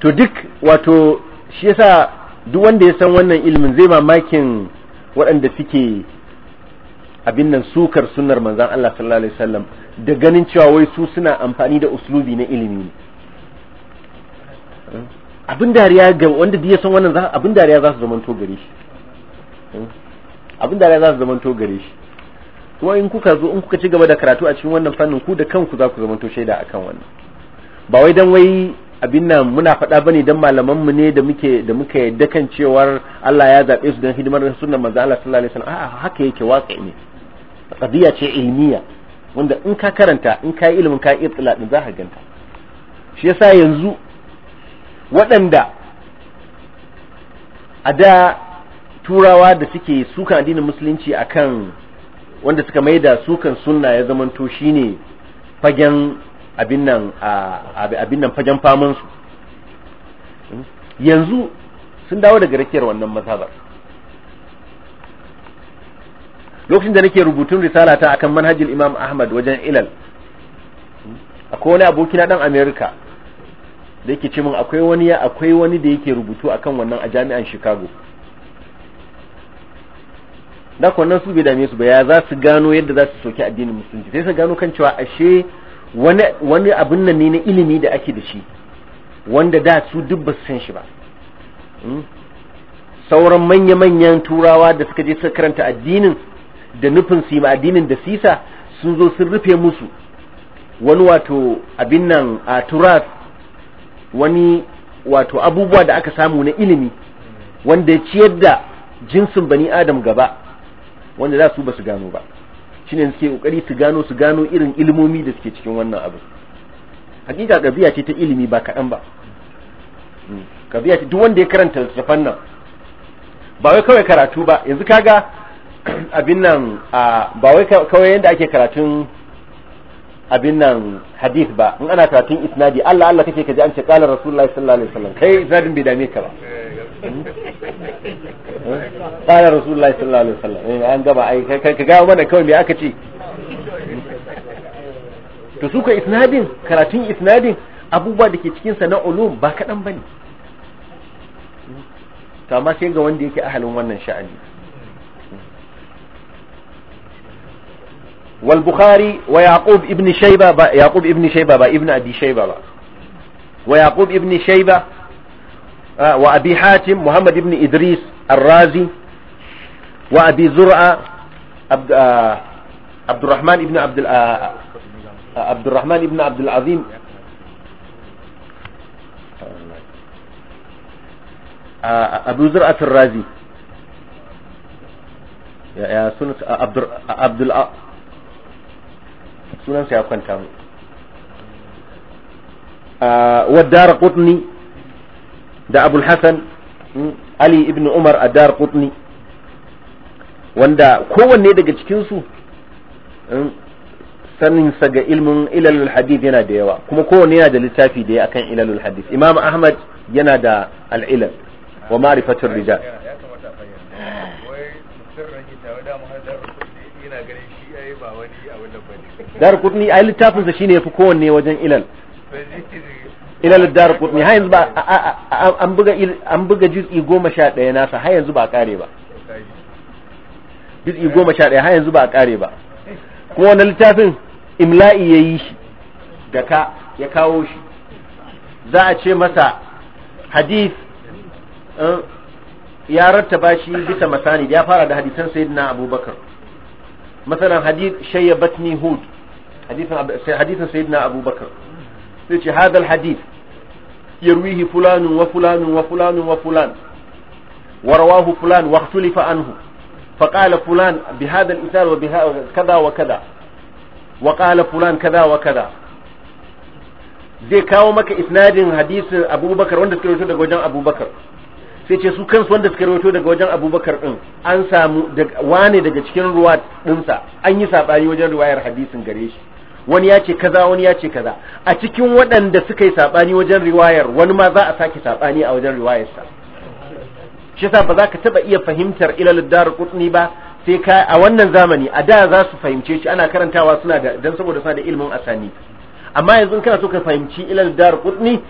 to duk wato shi yasa duk wanda ya san wannan ilimin zai mamakin waɗanda suke abin nan sukar sunnar manzan Allah sallallahu alaihi wasallam da ganin cewa wai su suna amfani da uslubi na ilimi ne abin dariya ga wanda ya san wannan abin dariya za su zamanto gare shi abin dariya za su zamanto gare shi ko in kuka zo in kuka ci gaba da karatu a cikin wannan fannin ku da kanku za ku zamanto shaida akan wannan ba wai dan wai abin nan muna faɗa bane dan malaman mu ne da muke da muka yadda kan cewar Allah ya zabe su dan hidimar sunnar manzo Allah sallallahu alaihi wasallam a'a haka yake waƙi ne qadiya ce ilmiya wanda in ka karanta in ka yi ilimin ka yi itla din za ka ganta shi yasa yanzu waɗanda a da turawa da suke sukan addinin musulunci akan wanda suka mai da sukan sunna ya zamanto shine fagen abin nan abin nan fagen famansu su hmm? yanzu sun dawo daga rakiyar wannan mazhabar lokacin da nake rubutun risala ta akan manhajin imam ahmad wajen ilal hmm? akwai wani abokina dan america da yake ce akwai wani akwai wani da yake rubutu akan wannan a jami'an chicago da nan su bai dame su ba ya za su gano yadda za su soki addinin musulunci sai su gano kan cewa ashe wani wani abin nan ne na ilimi da ake da shi wanda da su duk ba su san shi ba hmm? sauran manya-manyan turawa da suka je suka karanta addinin da nufin su yi ma addinin da sisa sun zo sun rufe musu wani wato abin nan a turas wani wato abubuwa da aka samu na ilimi wanda ya ciyar da jinsin bani adam gaba wanda za su ba su gano ba ne suke kokari su gano su gano irin ilimomi da suke cikin wannan abu hakika gabiya ce ta ilimi ba kaɗan ba gabiya hmm. ce duk wanda ya karanta littattafan nan ba wai kawai karatu ba yanzu kaga abin nan ba wai kawai yadda ake karatun abin nan hadith ba in ana karatun isnadi Allah Allah kake kaji an ce kalar rasulullahi sallallahu alaihi wasallam kai isnadin bai dame ka ba eh. qala rasulullahi sallallahu alaihi wasallam eh, an gaba ai ka ga mana kawai me aka ce to suka ka isnadin karatun isnadin abubuwa da ke cikin sa na ulum ba kaɗan ba ne. amma sai ga wanda yake ahalin wannan sha'ani wal bukhari wa yaqub ibn shayba ba yaqub ibn shayba ba ibn abi shayba ba wa yaqub ibn shayba آه، وأبي حاتم محمد بن إدريس الرازي وأبي زرعة عبد, آه، عبد الرحمن بن عبد آه، عبد الرحمن بن عبد العظيم أبو زرعة الرازي يا سنة عبد عبد سنة سيكون كامل والدار قطني da abul hassan hmm, ali ibn umar a dar kutni wanda kowanne daga cikinsu hmm, saninsa ga ilmin ilalul hadith yana da yawa kuma kowanne yana da littafi da ya akan ilalul hadith imam ahmad yana da al'ilal wa ma'rifatul rijal dar kutni a littafinsa shine ya fi kowanne wajen ilal ila lidar kutni har yanzu ba an buga an buga juz'i goma sha nasa har yanzu ba a kare ba juz'i goma sha har yanzu ba a kare ba kuma wani littafin imla'i ya yi shi da ka ya kawo shi za a ce masa hadith eh, ya rattaba shi bisa masani ya fara da hadisan sayyidina abubakar masalan hadith shayyabatni hud hadithan sayyidina abubakar sai ce hadal hadith yarwihi fulanun wa fulanun wa fulanun wa fulan wa rawahu fulan wa ikhtulifa anhu bi kada wa kada wa qala fulan kada wa kada zai kawo maka isnadin hadisin abubakar wanda suka rawaito daga wajen abubakar sai ce su kansu wanda suka rawaito daga wajen abubakar din an samu wane daga cikin ruwa dinsa an yi sabani wajen ruwayar hadisin gare shi wani ya ce kaza wani ya ce kaza a cikin waɗanda suka yi saɓani wajen riwayar wani ma za a sake saɓani a wajen riwayarsa shi sa ba za ka taɓa iya fahimtar ilal dar kutni ba sai ka a wannan zamani a da za su fahimce shi ana karantawa suna da dan saboda suna da ilimin asani amma yanzu kana so ka fahimci ilal dar kutni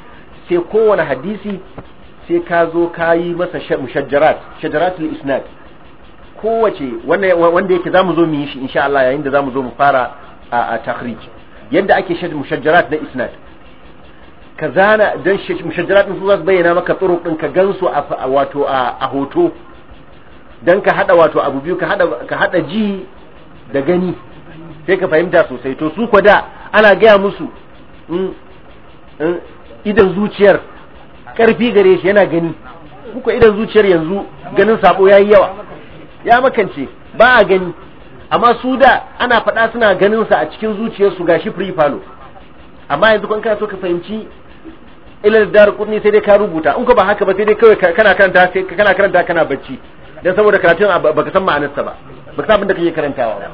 sai kowane hadisi sai ka zo ka yi masa mushajjarat shajaratul isnad kowace wanda yake zamu zo mu yi shi insha Allah yayin da zamu zo mu fara a takhrij yadda ake shaj mushajjarat na isnad ka zana dan mushajjarat su zasu bayyana maka turuq din ka gansu a wato a hoto dan ka hada wato abu biyu ka hada ka hada ji da gani sai ka fahimta sosai to su kwada ana gaya musu idan zuciyar karfi gare shi yana gani kuka idan zuciyar yanzu ganin sabo yayi yawa ya makance ba a gani amma su da ana faɗa suna ganin sa a cikin zuciyarsu gashi free falo amma yanzu kun kana so ka fahimci ilal dar kunni sai dai ka rubuta in ko ba haka ba sai dai kawai kana karanta sai kana karanta kana bacci dan saboda karatun baka san sa ba baka san abin da kake karantawa ba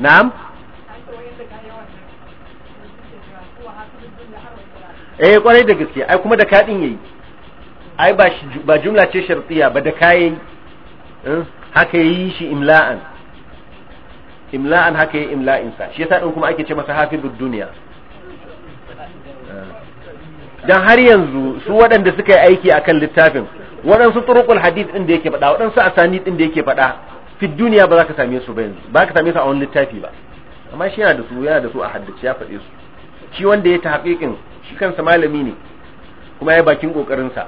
na'am eh kwarai da gaske ai kuma da kadin yayi ai ba ba jumla ce shartiya ba da kai eh, haka yi shi imla'an imla'an haka yi imla'in sa shi yasa din kuma ake ce masa hafizud duniya eh. dan har yanzu su waɗanda suka yi aiki akan littafin waɗansu turuqul hadith din da yake faɗa waɗansu asani din da yake faɗa fi duniya ba za ka same su ba yanzu ba ka same su a wani littafi ba amma shi yana da su yana da su a haddace ya faɗe su shi wanda ya ta haƙiƙin shi kansa malami ne kuma ya bakin kokarinsa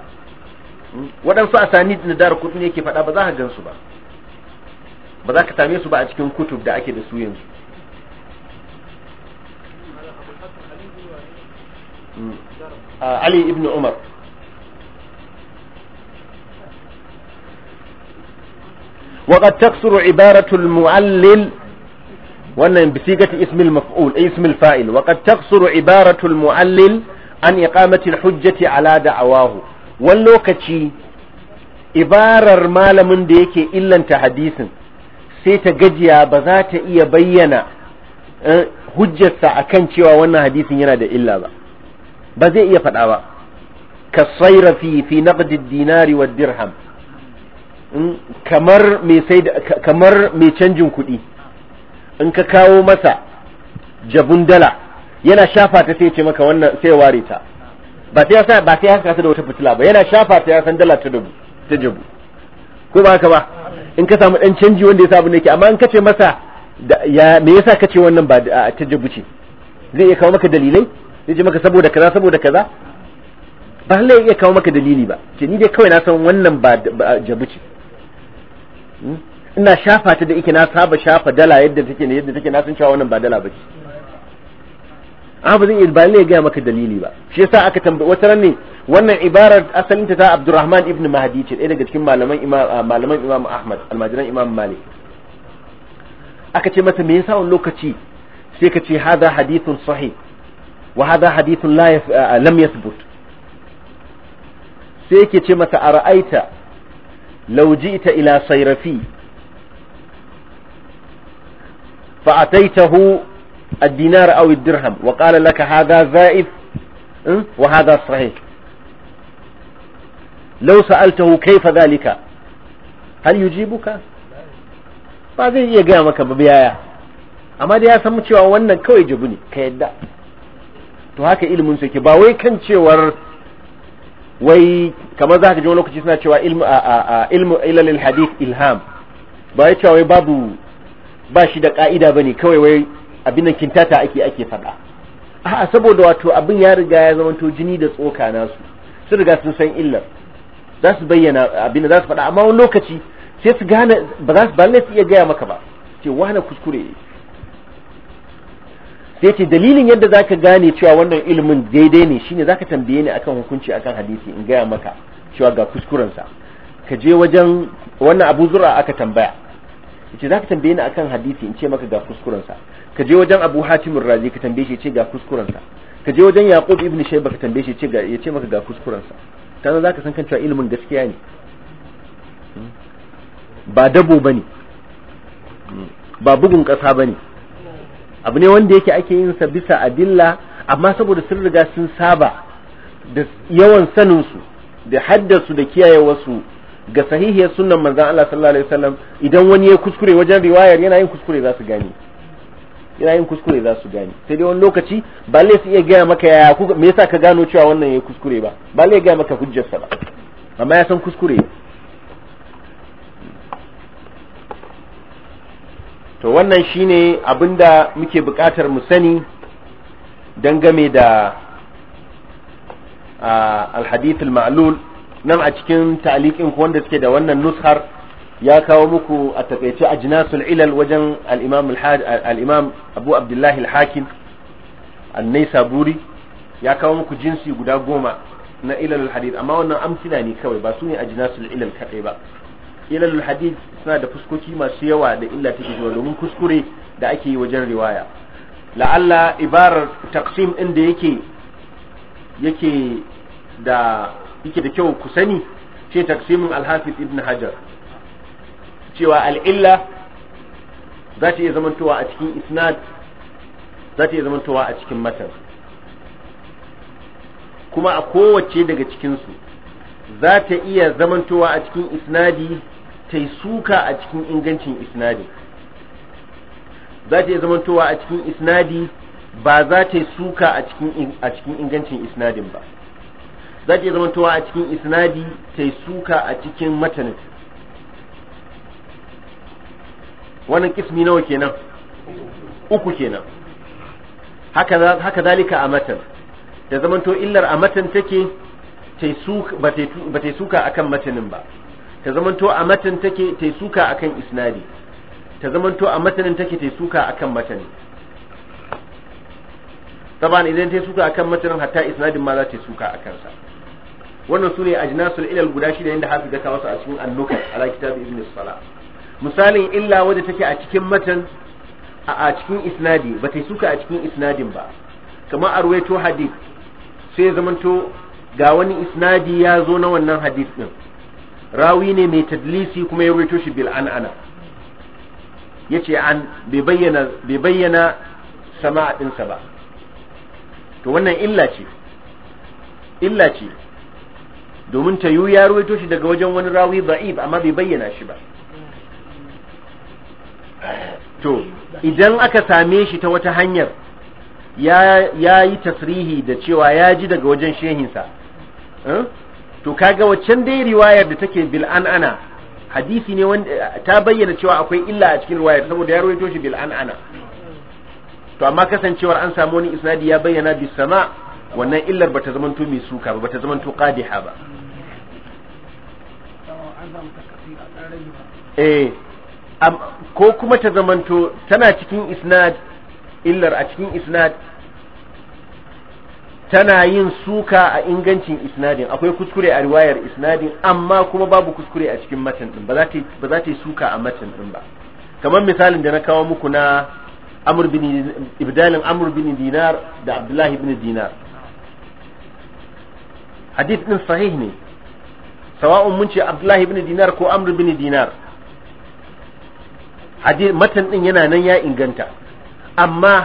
hmm? waɗansu asani na dar kutun yake faɗa ba za ka gansu ba ba za ka same su ba a cikin kutub da ake da su yanzu hmm? Ali ibn Umar وقد تكسر عبارة المعلل wannan bisigati ismil maf'ul ismil fa'il wa qad taqsuru ibaratu al mu'allil an iqamati al hujjati ala da'awahu wan lokaci ibarar malamin da yake illanta hadisin sai ta gajiya ba za ta iya bayyana eh, hujjarsa akan cewa wannan hadisin yana da illa ba ba zai iya faɗa ba ka tsaira fi fi dinari wa dirham kamar mai canjin kuɗi in ka kawo masa jabun dala yana shafa ta sai ce maka wannan sai ware ta ba sai yasa ba sai haka ta da wata fitila ba yana shafa ta ya san dala ta dubu ta jabu ko ba haka ba in ka samu dan canji wanda ya sabu ne ke amma in ka ce masa ya me yasa ka ce wannan ba ta jabu ce zai iya kawo maka dalilai zai ce maka saboda kaza saboda kaza ba lalle iya kawo maka dalili ba ce ni dai kawai na san wannan ba jabu ce hmm? ina shafa ta da ike na saba shafa dala yadda take ne yadda take na san cewa wannan ba dala bace a ba zan iya ba ne ga maka dalili ba shi yasa aka tambaye wata ran ne wannan ibarar asalin ta ta Abdurrahman ibn Mahdi ce ɗaya daga cikin malaman imam ah, malaman Imam Ahmad almajiran Imam Malik aka ce masa me yasa wannan lokaci sai ka ce hadha hadithun sahih wa hadha hadithun la ah, lam yathbut sai yake ce masa ara'aita law ji'ta ila sayrafi فأتيته الدينار أو الدرهم وقال لك هذا زائف وهذا صحيح لو سألته كيف ذلك هل يجيبك فهذا يقامك ببيايا أما دي أسمى تشيوه وانا كو يجبني كيدا تهاك إلم سيك باوي كان تشيوه وي كما ذاك جونوك جسنا تشيوه إلم إلى للحديث إلهام باوي تشيوه بابو ba shi da ka'ida bane kawai wai abin nan kintata ake ake faɗa a saboda wato abin ya riga ya zama to jini da tsoka nasu sun riga sun san illar za su bayyana abin da za su faɗa amma wani lokaci sai su gane ba za su ba su iya gaya maka ba ce wahala kuskure sai ce dalilin yadda za ka gane cewa wannan ilimin daidai ne shine za ka tambaye ni akan hukunci akan hadisi in gaya maka cewa ga kuskurensa ka je wajen wannan abu zura aka tambaya za ka tambaye ni akan hadisi in ce maka ga kuskuren sa ka je wajen Abu Hatim Razi ka tambaye shi ce ga kuskuren sa ka je wajen Yaqub ibn Shayba ka tambaye shi ce ga maka ga kuskuren sa kana ka san kan cewa ilimin gaskiya ne hmm. ba dabo bane hmm. ba bugun kasa bane abu ne wanda yake ake yin sa bisa adilla amma saboda sun riga sun saba da yawan sanin su da haddasu da kiyayewarsu ga sahihiyar sunan manzan Allah sallallahu alaihi wasallam idan wani ya kuskure wajen riwayar yana yin kuskure za su gane yana yin kuskure za su gane sai dai wani lokaci ba lai su iya gaya maka yaya me yasa ka gano cewa wannan ya kuskure ba ba lai gaya maka hujjarsa ba amma ya san kuskure to wannan shine abinda muke buƙatar mu sani dangame da ah, alhadith al-ma'lul nan a cikin ta'liqin ku wanda suke da wannan nushar ya kawo muku a takaice ajnasul ilal wajen al-imam Abu Abdullah al-Hakim an-Naisaburi ya kawo muku jinsi guda goma na ilalul hadith amma wannan amsina ne kawai ba su ne ajnasul ilal kadai ba ilalul hadith suna da fuskoki masu yawa da illa take zuwa domin kuskure da ake yi wajen riwaya la'alla ibarar taqsim inda yake yake da yake da kyau ku sani shi taksimin alhafiz ibn hajar cewa al'illa za ta iya zamantowa a cikin isnad za ta iya zamantowa a cikin matan kuma a kowace daga cikinsu za ta iya zamantowa a cikin isnadi ta yi suka a cikin ingancin isnadi za ta iya zamantowa a cikin isnadi ba za ta yi suka a cikin ingancin isnadin ba za ta zama towa a cikin isnadi ta suka a cikin matanin wannan kismi nawa kenan uku kenan haka zalika a matan da to illar a matan take ba ta suka akan matanin ba ta to a matan take ta suka akan isnadi ta to a matanin take ta suka akan matanin saboda idan ta suka akan matanin hatta isnadin ma za ta suka akan sa wannan sune ajnasul ilal guda shida inda hafi daka wasu a cikin annuka ala kitab ibn sala misalin illa wadda take a cikin matan a cikin isnadi ba ta suka a cikin isnadin ba kamar a ruwaito hadith sai ya zamanto ga wani isnadi ya zo na wannan hadith din rawi ne mai tadlisi kuma ya ruwaito shi bil an'ana ce an bai bayyana bai bayyana sama'a ɗinsa ba to wannan illa ce illa ce domin ta yiwu ya ruwaito shi daga wajen wani rawi ba'ib, amma bai bayyana shi ba to idan aka same shi ta wata hanyar ya yi tasrihi da cewa ya ji daga wajen shehinsa eh? to kaga waccan dai riwayar da take bil ana, hadisi ne ta bayyana cewa akwai illa a cikin riwayar saboda ya ruwaito shi bil ana. to amma kasancewar an samu wani isnadi ya bayyana bisama wannan illar bata zamanto mai suka ba bata zamanto qadiha ba eh ko kuma ta zamanto tana cikin isnad illar a cikin isnad tana yin suka a ingancin isnadin akwai kuskure a riwayar isnadin amma kuma babu kuskure a cikin matan din ba za ta yi suka a matan din ba kamar misalin da na kawo muku na amr bin ibdalin amr bin dinar da abdullahi bin dinar hadith din sahih ne sawa'un mun ce abdullahi ibn dinar ko amr ibn dinar hadith matan din yana nan ya inganta amma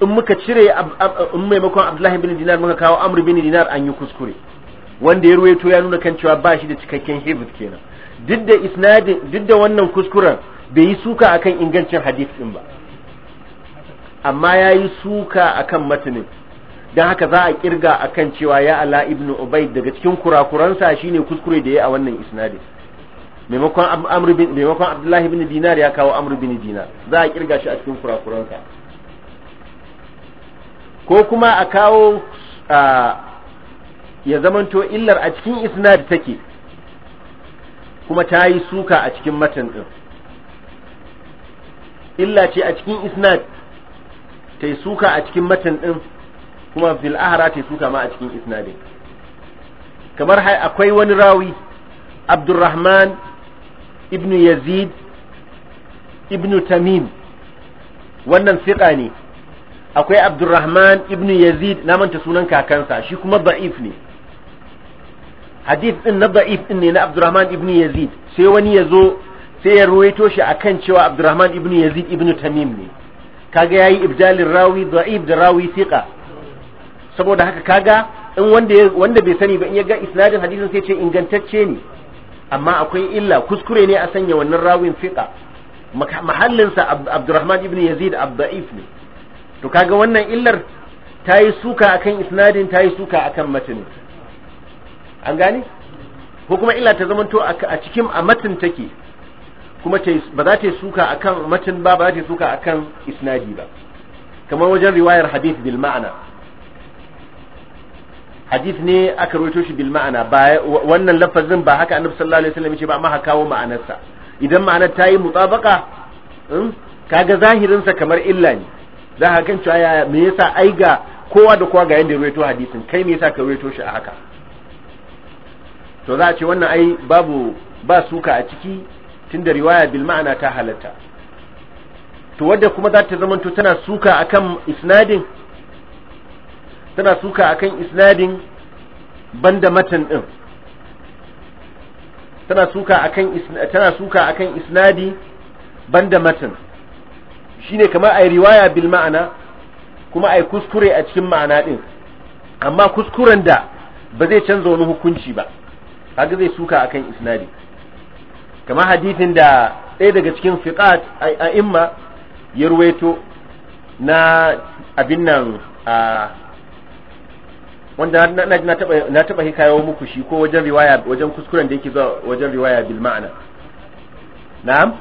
in muka cire in maimakon abdullahi ibn dinar muka kawo amr ibn dinar an yi kuskure wanda ya ruwaito ya nuna kan cewa ba shi da cikakken hibs kenan duk da isnadin duk da wannan kuskuren bai yi suka akan ingancin hadith din ba amma ya yi suka akan matanin don haka za a kirga akan cewa ya ala ibn ubaid daga cikin kurakuransa shine kuskure da ya a wannan isnadin maimakon amr bin maimakon abdullahi bin dinar ya kawo amr bin dinar za a kirga shi a cikin kurakuransa ko kuma a kawo ya zamanto illar a cikin isnad take kuma ta yi suka a cikin matan din illa ce a cikin isnad ta yi suka a cikin matan din kuma fil ahra ce su kama a cikin isnadin kamar akwai wani rawi abdurrahman ibnu yazid ibnu tamim wannan siƙa ne akwai abdurrahman ibnu yazid na manta sunan kakansa shi kuma da'if ne hadith din na da'if din ne na abdurrahman ibnu yazid sai wani ya zo sai ya ruwaito shi akan cewa abdurrahman ibnu yazid ibnu tamim ne kaga yayi ibdalin rawi da'if da rawi siƙa. saboda haka kaga in wanda wanda bai sani ba in ya ga isnadin hadisin sai ce ingantacce ne amma akwai illa kuskure ne a sanya wannan rawin fiqa sa Abdurrahman ibn Yazid abda'if ne to kaga wannan illar ta yi suka akan isnadin ta yi suka akan matanin an gane ko kuma illa ta zamanto a cikin a matan take kuma ba za ta yi suka akan matan ba ba za ta yi suka akan isnadi ba kamar wajen riwayar hadith bil ma'ana hadith ne aka rawaito shi bil ma'ana ba wannan lafazin ba haka annabi sallallahu alaihi wasallam yace ba amma haka kawo ma'anarsa idan ma'anar ta yi mutabaka hmm, kaga zahirin sa kamar illa ne za ka kan cewa me yasa ai ga kowa da kowa ga yanda rawaito hadisin kai me yasa ka rawaito shi a haka to za a ce wannan ai babu ba suka a ciki tunda riwaya bil ma'ana ta halatta to wadda kuma za ta zamanto tana suka akan isnadin tana suka akan isnadin banda matan din tana suka akan tana suka akan isnadi banda matan shine kamar ai riwaya bil ma'ana kuma ai kuskure a cikin ma'ana din amma kuskuren da ba zai canza wani hukunci ba kaga zai suka akan isnadi kamar hadithin da ɗaya daga cikin fiqat a imma ya ruwaito na abin nan a wanda na na taba na taba hikayo muku shi ko wajen riwaya wajen kuskuren da yake zuwa wajen riwaya bil ma'ana na'am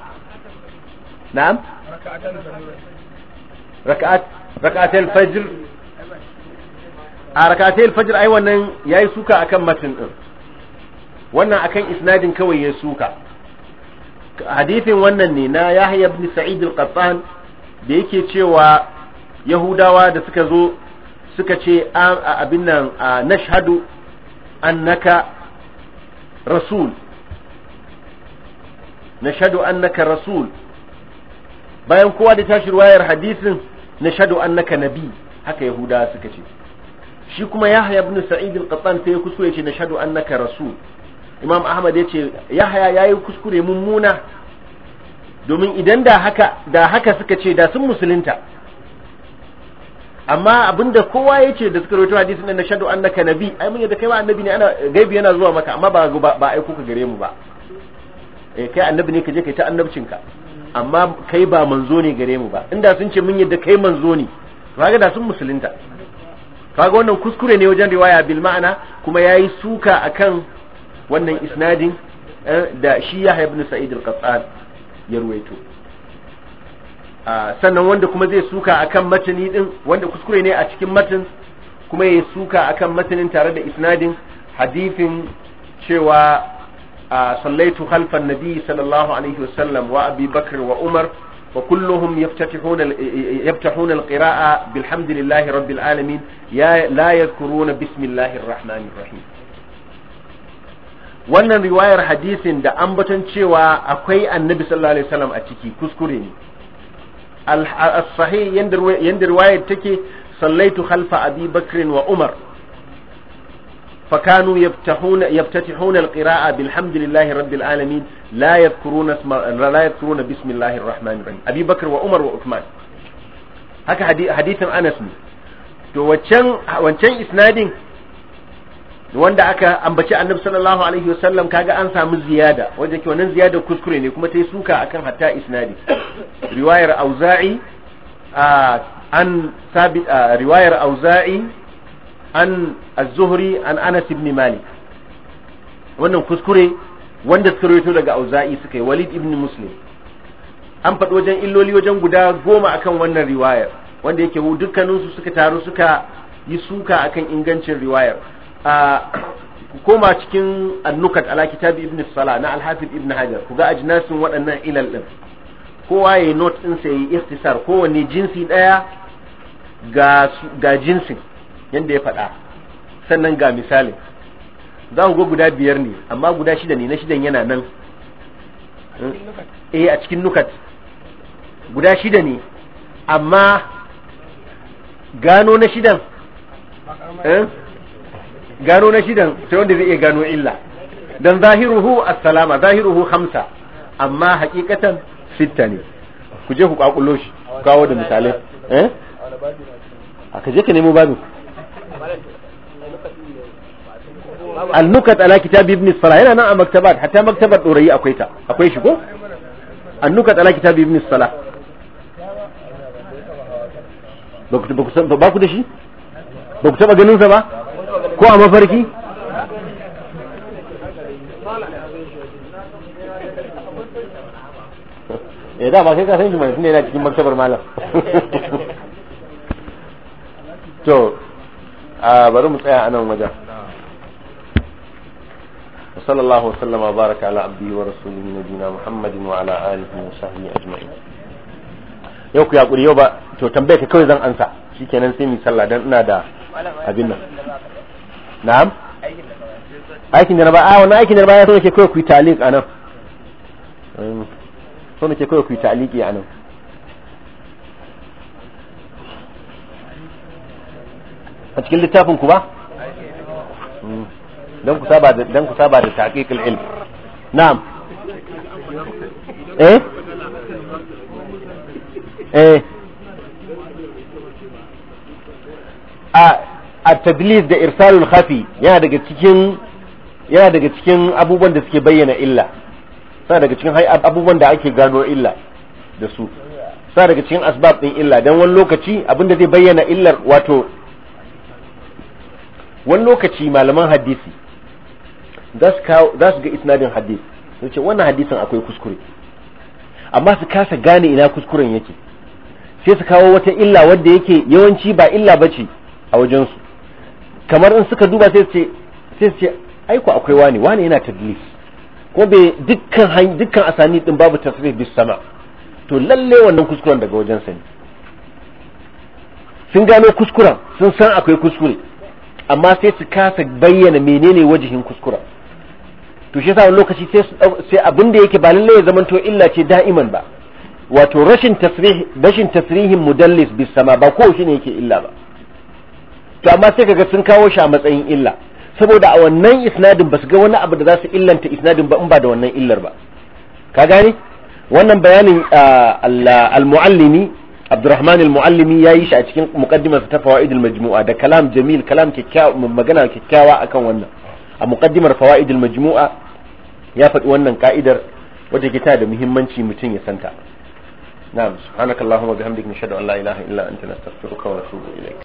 na'am raka'at al fajr a al fajr ai wannan yayi suka akan matin din wannan akan isnadin kawai ya suka hadithin wannan ne na Yahya ibn Sa'id al-Qattan da yake cewa Yahudawa da suka zo suka ce abin nan nashhadu annaka rasul nashhadu annaka rasul bayan kowa da tashi ruwayar hadisin nashhadu annaka nabi haka yahuda suka ce shi kuma yahya ibn sa'id al-qattan sai ya kuskure ya ce nashhadu annaka rasul imam ahmad ya ce yahya yayi kuskure mummuna domin idan da haka da haka suka ce da sun musulunta amma abinda kowa ya ce da suka rawaito hadisin nan shadu annaka nabi ai mun yadda kai ba annabi ne ana gaibi yana zuwa maka amma ba ba aiko ka gare mu ba eh kai annabi ne ka je kai ta annabcin ka amma kai ba manzo ne gare mu ba inda sun ce mun yadda kai manzo ne to kaga da sun musulunta kaga wannan kuskure ne wajen riwaya bil ma'ana kuma yayi suka akan wannan isnadin eh, da shi Yahya ibn Sa'id al-Qattan ya ruwaito Ah, sannan wanda kuma zai suka akan matani din wanda kuskure ne a cikin matan kuma ya suka akan matanin tare da isnadin hadifin cewa ah, sallaitu khalfan nabi sallallahu alaihi wasallam wa abi bakr wa umar wa kulluhum yaftatihuna yaftahuna alqira'a bilhamdillahi rabbil alamin ya la yadhkuruna bismillahir rahmanir rahim wannan riwayar hadisin da ambaton cewa akwai annabi sallallahu alaihi wasallam a ciki kuskure ne as-sahih yanda riwayar take sallaitu khalfa abi bakr wa umar فكانوا يفتحون يفتتحون القراءة بالحمد لله رب العالمين لا يذكرون اسم لا يذكرون بسم الله الرحمن الرحيم أبي بكر وعمر وعثمان هكا حديث حديث أنس تو وكان وكان إسنادين wanda aka ambaci annabi sallallahu alaihi wasallam kaga an samu ziyada wanda ke wannan ziyada kuskure ne kuma tayi suka akan hatta isnadi riwayar auza'i an sabit riwayar auza'i an az-zuhri an anas ibn malik wannan kuskure wanda suka rawaito daga auza'i suka yi walid ibn muslim an faɗi wajen illoli wajen guda goma akan wannan riwayar wanda yake dukkaninsu suka taru suka yi suka akan ingancin riwayar ku koma cikin annukat ala kitabi ibn sala na alhafiz ibn hajar ku ga ajnasin waɗannan ilal din kowa yayi note din sai yi ikhtisar kowanne jinsi daya ga ga jinsin yanda ya faɗa sannan ga misalin za ku ga guda biyar ne amma guda shida ne na shidan yana nan eh a cikin nukat guda shida ne amma gano na shidan gano na shidan sai wanda zai iya gano illa dan zahiruhu assalama zahiruhu hamsa amma hakikatan sitta ne ku je ku kakullo shi kawo da misalai eh aka je ka nemo babu annukat ala kitab ibn salah yana nan a maktabat hatta maktabar dorayi akwai ta akwai shi ko annukat ala kitab ibn salah ba ku da shi ba ku taba ganin sa ba ko a mafarki eh da ba kai ka san shi mai yana cikin maktabar malam to a bari mu tsaya anan wajen وصلى الله وسلم وبارك على عبده ورسوله نبينا محمد وعلى اله وصحبه اجمعين yau ku yaƙuri yau ba to tambaye ka kawai zan ansa shikenan sai mu sallah dan ina da abin nan na'am aikin da na ba a wani aikin da na ba ya so kawai ku yi talik a nan um, so kawai ku yi taliki a nan a cikin littafin ku ba um, don ku saba da taƙi kil'il na'am eh eh a at-tadlis da irsalul khafi yana daga cikin yana daga cikin abubuwan da suke bayyana illa sana daga cikin abubuwan da ake gano illa da su sana daga cikin asbab din illa dan wani lokaci da zai bayyana illar wato wani lokaci malaman hadisi za su ga isnadin hadis su ce wannan hadisin akwai kuskure amma su kasa gane ina kuskuren yake sai su kawo wata illa wadda yake yawanci ba illa bace a wajensu kamar in suka duba sai ce sai ce aiko akwai wani wani yana tadlis ko bai dukkan hanyar dukkan asani din babu tasirin bis sama to lalle wannan kuskuren daga wajen sa ne sun gano kuskuren sun san akwai kuskure amma sai su kasa bayyana menene wajihin kuskuren to shi yasa wani lokaci sai sai abin da yake ba lalle ya zamanto illa ce da'iman ba wato rashin tasrih rashin tasrihin mudallis bis sama ba ko ne yake illa ba to amma sai kaga sun kawo shi a matsayin illa saboda a wannan isnadin ba su ga wani abu da za su illanta isnadin ba in ba da wannan illar ba ka gane wannan bayanin ah, al-muallimi Abdurrahman al-muallimi ya yi shi a cikin muqaddimarsa ta fawaidul majmu'a da kalam jamil kalam kikkiawa magana kikkiawa akan wannan a muqaddimar fawaidul majmu'a ya faɗi wannan ka'idar wajen ke da muhimmanci mutum ya santa na'am subhanakallahumma bihamdika nashhadu an la ilaha illa anta nastaghfiruka wa natubu ilayk